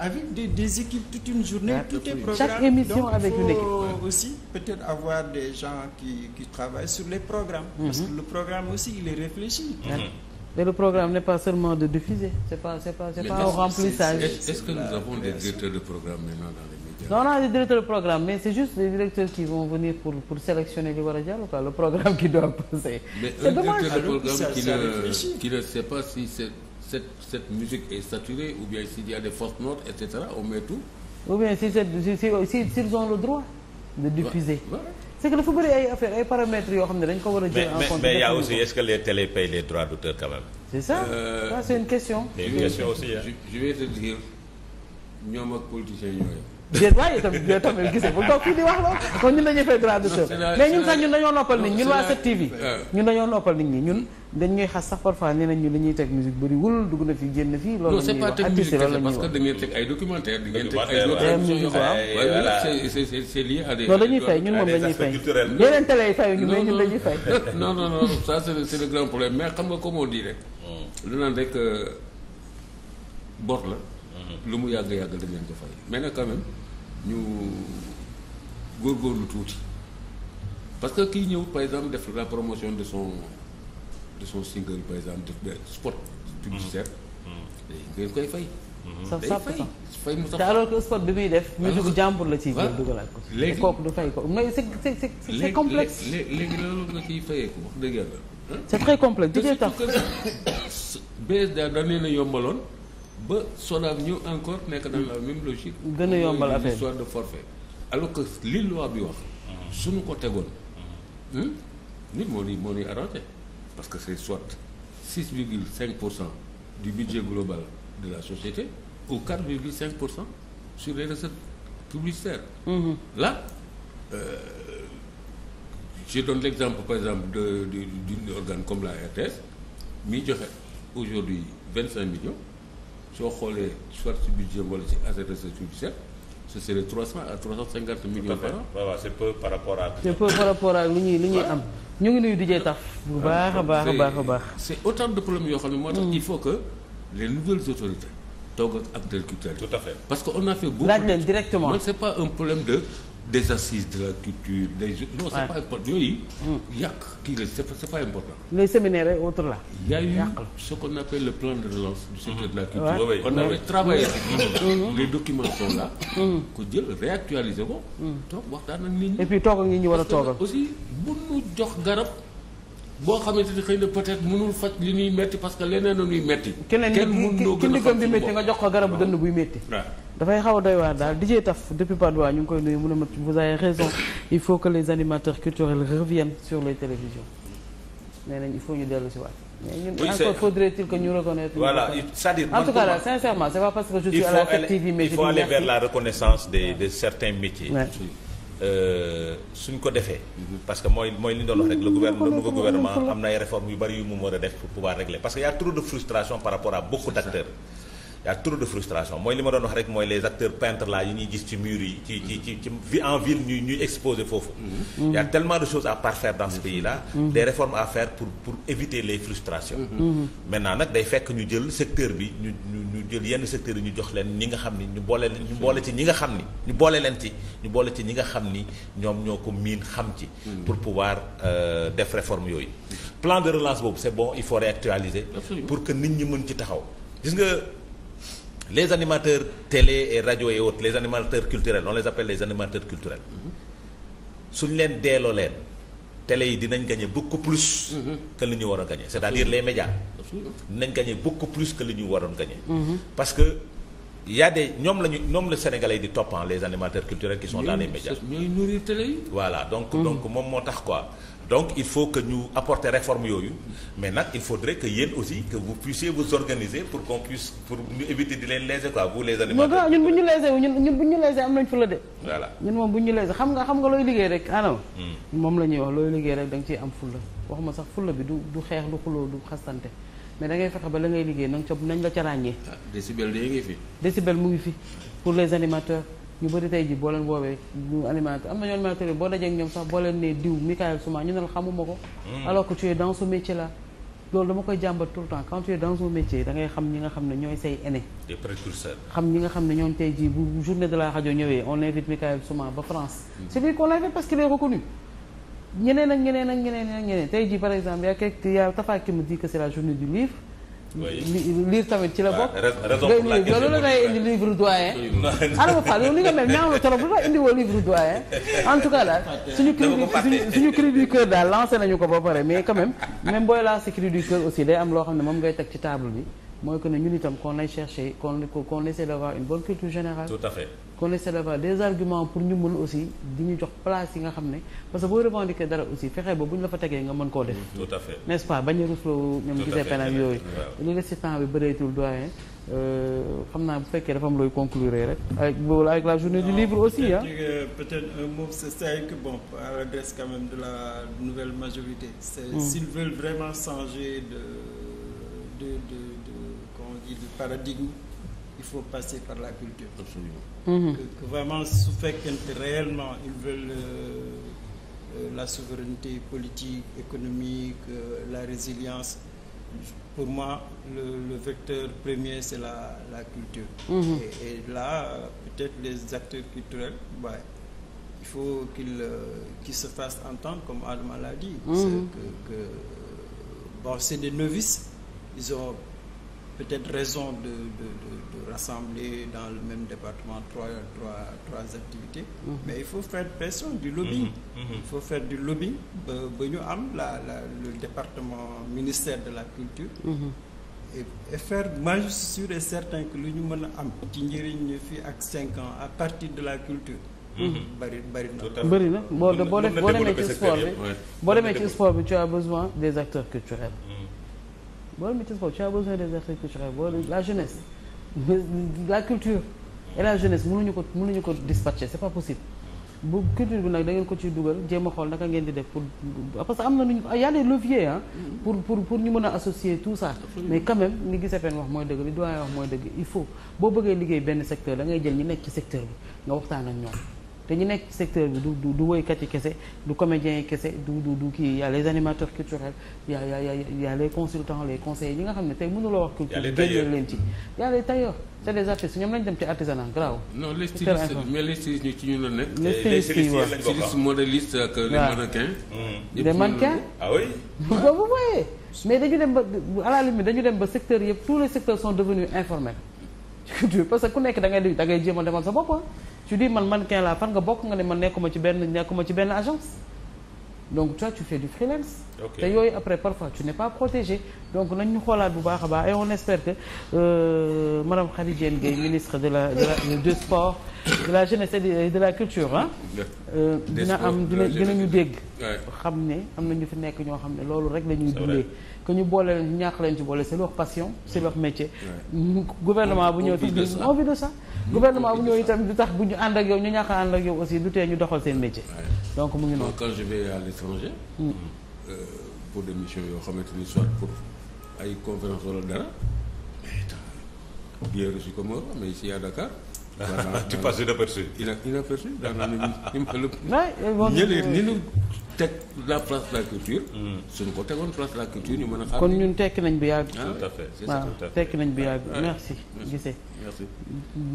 avec des, des, équipes toute une journée, ah, Chaque émission avec une équipe. Il aussi peut-être avoir des gens qui, travaillent sur les programmes. Mhm. Parce que le programme aussi, il est réfléchi. Mm le programme n'est pas seulement de diffuser, c'est pas, c'est pas, c'est pas au remplissage. programme maintenant Non, on a des de programme, mais c'est juste des directeurs qui vont venir pour, sélectionner les ou quoi, le programme qui doit passer. Mais un directeur de programme ah, qui ne, sait pas si c'est cette, cette musique est saturée ou bien s'il y a des fausses notes, etc., on met tout. Ou bien s'ils si, si, si, si ils ont droit de diffuser. C'est que dafa bëri ay affaire ay paramètres yoo xam ne dañ ko war a jël en compte. Mais il que les télé payent les droits d'auteur quand même. C'est ça euh, ça c'est une question. ñoom ak politiciens yooyu. déet waaye itam yow tamit gisee bu toog kon ñun dañuy fay droit d'auteur mais ñun sax ñun dañoo noppal nit ñun waa 7TV ñun dañoo noppal nit ñun dañ ñuy xas sax parfois nee nañ ñu li ñuy teg musique bëriwul dugg na fi génn fii. loolu la ñuy wax artiste loolu la ñuy wax parce que da fay ñun moom dañuy fay yeneen télé yi fayu ñu mais ñun dañuy fay non non non ça c'est c'est le grand problème mais xam nga comme on dit rek mm. lu naan rek euh, bor la lu mu yàgg yàgg dañ leen ko fay mais nag quand même ñu góorgóorlu tuuti parce que kii ñëw par exemple def la promotion de son de son single par exemple def benn spot publicitaire. Mm-hmm. day koy fay. Mm-hmm. day fay fay mu sax te alors que spot bi muy def. alors jàmbur la ciy jël dugalaat ko. léegi kooku du fay ko mais c'est c'est c'est complexe. léegi léegi loolu nga ciy fayee wax dëgg yàlla. c'est très complexe di tax BSDA da leen yombaloon ba SODAV ñëw encore nekk dans la même gën a yombal affaire histoire de forfait. alors que li loi bi wax. Mm-hmm. suñu ko tegoon. Hmm? nit moo ni moo ni arrangé. parce que c'est soit 6,5 pour cent du budget global de la société ou 4,5 pour cent sur les recettes publicitaires. Mmh. Là, euh, je donne l'exemple par exemple de d'un organe comme la RTS mi joxe aujourd'hui 25 millions soo xoolee soit ci budget wala ci recettes publicitaires ce serait 300 à 350 millions par an. waaw waaw c'est peu par rapport à. c'est peu par rapport à lu ñuy lu ñuy am. ñu ngi nuyu DJ Taf. bu baax a baax a baax a baax. c'est autant de problèmes yoo xam ne moo tax mm. il faut que les nouvelles autorités toog ak acteurs culturels. tout à fait parce que on a fait. beaucoup laaj leen directement man c'est pas un problème de. des assises de la culture des jeux. non c'est pas important yooyu. Hmm. yàq kii la c'est pas important. les séminaires et la là. y a eu ce le plan de relance du secteur de la hmm. culture. Ouais. Ouais. on avait travaillé hmm. les documents sont ko jël réactualiser ko. toog waxtaan ak nit ñi. et puis toogal nit ñi war a toogal. aussi bu nu jox garab. boo xamante ni xëy na peut-être mënul faj li ñuy metti parce que leneen la ñuy metti. kenn mënuloo gën a faj keneen ki bi nga jox ko garabu dënn buy metti. dafay xaw a doy waar daal DJ Taf depuis Padoua ñu ngi koy nuyu mu ne ma vous avez raison il faut que les animateurs culturels reviennent sur les télévisions nee il faut ñu dellu si waat. mais ñun il que que la 7TV mais il faut aller vers euh, suñ ko defee. parce que mooy mooy li ñu doon rek le nouveau gouvernement am na ay réformes yu bari yu mu war def pouvoir régler parce que y trop de frustration par rapport à beaucoup d'acteurs. y a trop de frustration mooy li ma doon wax rek mooy les acteurs peintres là yi ñuy gis ci murs yi ci ci ci ci en ñuy ñuy foofu mm-hmm. y a de choses à parfaire dans ce mm-hmm. pays là mm-hmm. des réformes à faire pour pour éviter les frustrations maintenant nag day fekk ñu jël secteur bi ñu ñu jël yenn secteur yi ñu jox leen ñi nga xam ni ñu boole leen ñu boole ci ñi nga xam ni ñu boole leen ci ñu boole ci ñi nga xam ni ñoom ñoo ko miin xam ci pour pouvoir euh, def réforme yooyu plan de relance boobu c'est bon il faut réactualiser pour que nit ñi mën ci taxaw les animateurs télé et radio et autres les animateurs culturels on les appelle les animateurs culturels suñ leen deeloo leen télé yi dinañ gagner beaucoup plus que li ñu waroon gagner c'est-à-dire les médias dinañ gagner beaucoup plus que li ñu waroon gagner mhm. parce que y a ñoom la ñu ñoom la sénégalais di toppan les animateurs culturels qui sont dans les médias ñooy nourrir télé yi voilà donc mhm. donc moom moo tax quoi donc il faut que ñu apporter réforme yooyu mais nag il faudrait que yéen aussi que vous puissiez vous organiser pour qu'on puisse pour ñu éviter di leen léser quoi les animateurs. moom bu xam nga xam nga looy liggéey rek anam. Hmm. moom la ñuy wax looy liggéey rek da nga am fulla waxuma sax fulla bi du xeex du xuloo du xastante mais da ngay fexe ba la ngay liggéey nang ca nañ la ca ràññee. ah décibel ngi fi. décibel mu ngi fi pour les animateurs. ñu bëri tey ji boo leen woowee ñu animateur am na ñu animateur boo dajee ak ñoom sax boo leen ne diw Michael Souma ñu ne la xamuma ko hmm. alors que tu es dans ce métier là loolu dama koy jàmbat tout temps quand tu es dans un da ngay xam ñi nga xam ne ñooy say aînés ñi nga xam ne ñoom tey jii bu journée de la rajo ñëwee on invite Michael Souma ba France hmm. c'est vrai qu'on l'invite parce qu'il est reconnu ñeneen ak ñeneen ak ñeneen ak ñeneen tey jii par exemple y a quelque y a Tafa qui me liir tamit ci la bokk. raison pour laquelle loolu la ngay indi livre doyen. Adama Fall yow li nga mel ñaaw na trop lu tax indi woo livre doyen. en tout cas daal su cri du suñu cri du cœur daal lancé nañu ko ba pare mais quand même même booy lancé cri du cœur aussi day am loo xam ne moom ngay teg ci table bi mooy que ne ñun itam qu'on aille chercher qu'on qu'on essaie d'avoir une bonne culture générale. tout à fait. kon ça dépend des arguments pour ñu mën aussi di ñu jox place yi nga xam ne parce que boo revendiquer dara aussi fexe ba bu ñu la fa tegee nga mën koo def. tout à fait n'est-ce pas a rusloo ñoom gisee penam yooyu. li la si temps bi bëreetul doyen euh, xam naa bu fekkee dafa mu looy conclure rek. avec wala avec la journée du livre aussi ah. peut-être un mot c'est que bon à l'adresse quand même de la nouvelle majorité. c'est mm. s'ils vraiment changer paradigme. il faut passer par la culture. Absolument. Mhm. Que, que vraiment su fekkente réellement ils veulent euh, euh, la souveraineté politique économique euh, la résilience pour moi le, le vecteur premier c'est la la culture. Mm -hmm. et, et là peut-être les acteurs culturels bah, il faut qu'ils euh, qu'ils se fassent entendre comme Adama l'a dit. Mm -hmm. que que bon c'est des novices ils ont peut-être raison de, de, de, rassembler dans le même département trois, trois, trois activités. Mmh. Mais il faut faire pression du lobbying. Mmh. Mmh. Il mm-hmm. faut faire le département ministère de la Culture. Mm-hmm. Et, et, faire, moi je suis et certain que lu ñu mën am ci njëriñ ñu fii ak cinq ans à partir de la culture. Mm-hmm. bari bari na bari na boo boo demee ci sport bi boo demee ci sport bi tu as besoin des acteurs culturels. boole métier sport tu as besoin des acteurs culturels boole la jeunesse la culture et la jeunesse mënuñu ko mënuñu ko dispatcher c'est pas possible bu culture bi nag da ngeen ko ci dugal jéem a xool naka ngeen di def pour parce que am na nuñ ah, y a des pour pour pour ñu mën a associé tout ça mais quand même ni gisee fen wax mooy dëgg li doyen wax mooy dëgg il faut boo bëggee liggéey benn secteur da ngay jël ñi nekk ci secteur bi nga waxtaan ak ñoom te ñu nekk secteur bi du du du woykat yi kese du comédiens yi kese du du du kii y a les animateurs culturels y a y les consultants les conseillers ñi nga xam ne tey mënuloo wax culture génne leen ci y a les tailleurs c'est des artistes ñoom lañ dem ci artisanat graaw non les stylistes les stylistes les stylistes modélistes ak les mannequins les mm. mannequins boobu ah voyez mais dañu dem ba à la limite dañu dem ba secteur yëpp tous les secteurs sont devenus informels ci culture parce que ku nekk da ngay da ngay jéem a demal sa bopp tu man man mannequin laa fan nga bokk nga ne man nekkuma ci benn nekkuma ci benn agence donc toi tu yooyu après parfois tu n'es pas protégé donc nañ ñu xoolaat bu baax a baax et on espère que euh, madame Khady Diène Gaye ministre de la de la sport de la jeunesse et de la culture ah dina am dina dinañu dégg xam ne am na ñu fi nekk ñoo xam ne loolu rek la ñuy dundee que ñu boole leen ñàkk leen ci boole c'est leur passion c'est leur métier gouvernement bu ñëw sax envie de gouvernement bu ñoo itam du tax bu ñu ànd ak yow ñu ñàkk a ànd ak yow aussi du tee ñu doxal seen métier. donc mu ngi noonu. quand je vais à l'étranger hmm. euh, pour des missions yoo xamante ni soit pour ay conférence wala dara mais bien reçu comme mais ici à Dakar. tu passes inaperçu. inaperçu daanaka ñu ñu ñu teg la place de la culture. suñu ko tegoon place de la culture ñu mën a. xam kon ñun tekki nañ bu yàgg. Ah tekki nañ bu yàgg merci. gisee merci.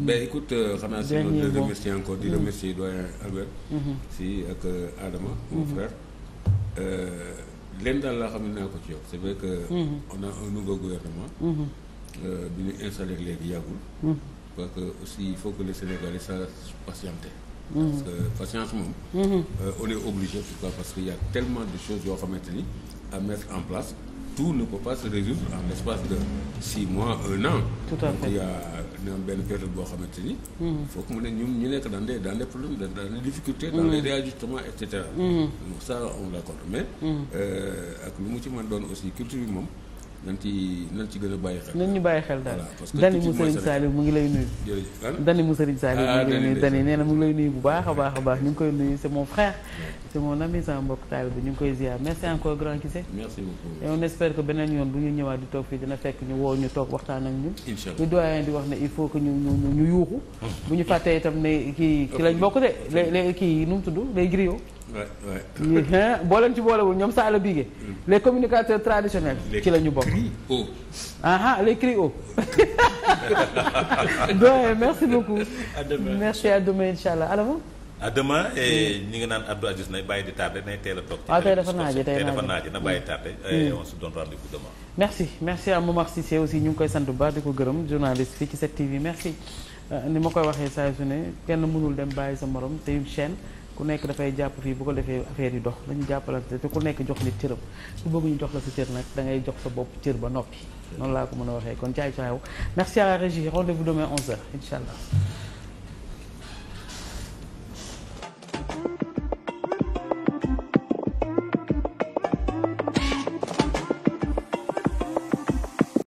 mais mm. écoute euh, xanaa si noonu di remercier encore di mm. remercier doyen Albert. Mm-hmm. si ak euh, Adama. mon mm-hmm. frère. Euh, leen daal laa xam ne naa ko ci yow c'est vrai que. Mm-hmm. on un nouveau gouvernement. bi ñu installé léegi yàggul. parce que aussi il faut que les Sénégalais sachent patienter. Mmh. parce que patience moom. Mmh. Euh, on est obligé parce que y a tellement de choses yoo xamante ni à mettre en place tout ne peut pas se résoudre en l'espace de six mois un an. tout benn période boo xamante ni. Mmh. foog mu ne ñu nekk daan des dans des problèmes dans des difficultés. dans les réajustements et cetera. donc on l'accorde euh, ak lu mu ci mën doon aussi culture bi moom. nañ ci nañ ci gën a bàyyi xel. nañ ñu bàyyi xel daal dani mu Serigne Saliou mu ah, ngi lay nuyu. dani mu Serigne Saliou mu ngi lay nuyu dani nee na mu ngi lay nuyu bu baax a baax a baax ñu ngi koy nuyu c'est mon frère. c'est mon ami sama mbokk taal bi ñu ngi koy ziar merci encore grand Kissé. merci beaucoup et on espère que beneen yoon bu ñu ñëwaat di toog fii dina fekk ñu woo ñu toog waxtaan ak ñun. incha allah ñu di wax ne il faut que ñu ñu ñu yuuxu. bu ñu fàttee itam ne kii ki lañ bokk de les kii nu mu tudd la griots. waay waay boo leen ci boolewul ñoom Saala Bigué. Mm. les communicateurs traditionnels. ci la ñu bokk aha ah, les griots. doyen merci beaucoup. à demain merci à demain incha à demain et ñu ngi naan Abdou Aziz nay bàyyi di tardé nay teel a toog. waaw tey dafa naaje tey dafa naaje na bàyyi tardé. Mm. on se donne merci merci à Momar ñu ngi koy sant bu di ko gërëm journaliste fii ci 7TV merci euh, ni ma koy waxee saa su ne kenn mënul dem bàyyi sa morom te une chaîne ku nekk dafay jàpp fii bu ko defee affaire yi dox dañu jàppalante te ku nekk jox nit cëram ku bëgg jox la sa cër nag da ngay jox sa bopp cër ba noppi. noonu laa ko mën a waxee kon caay caayu merci à la régie rendez-vous demain 11h allah.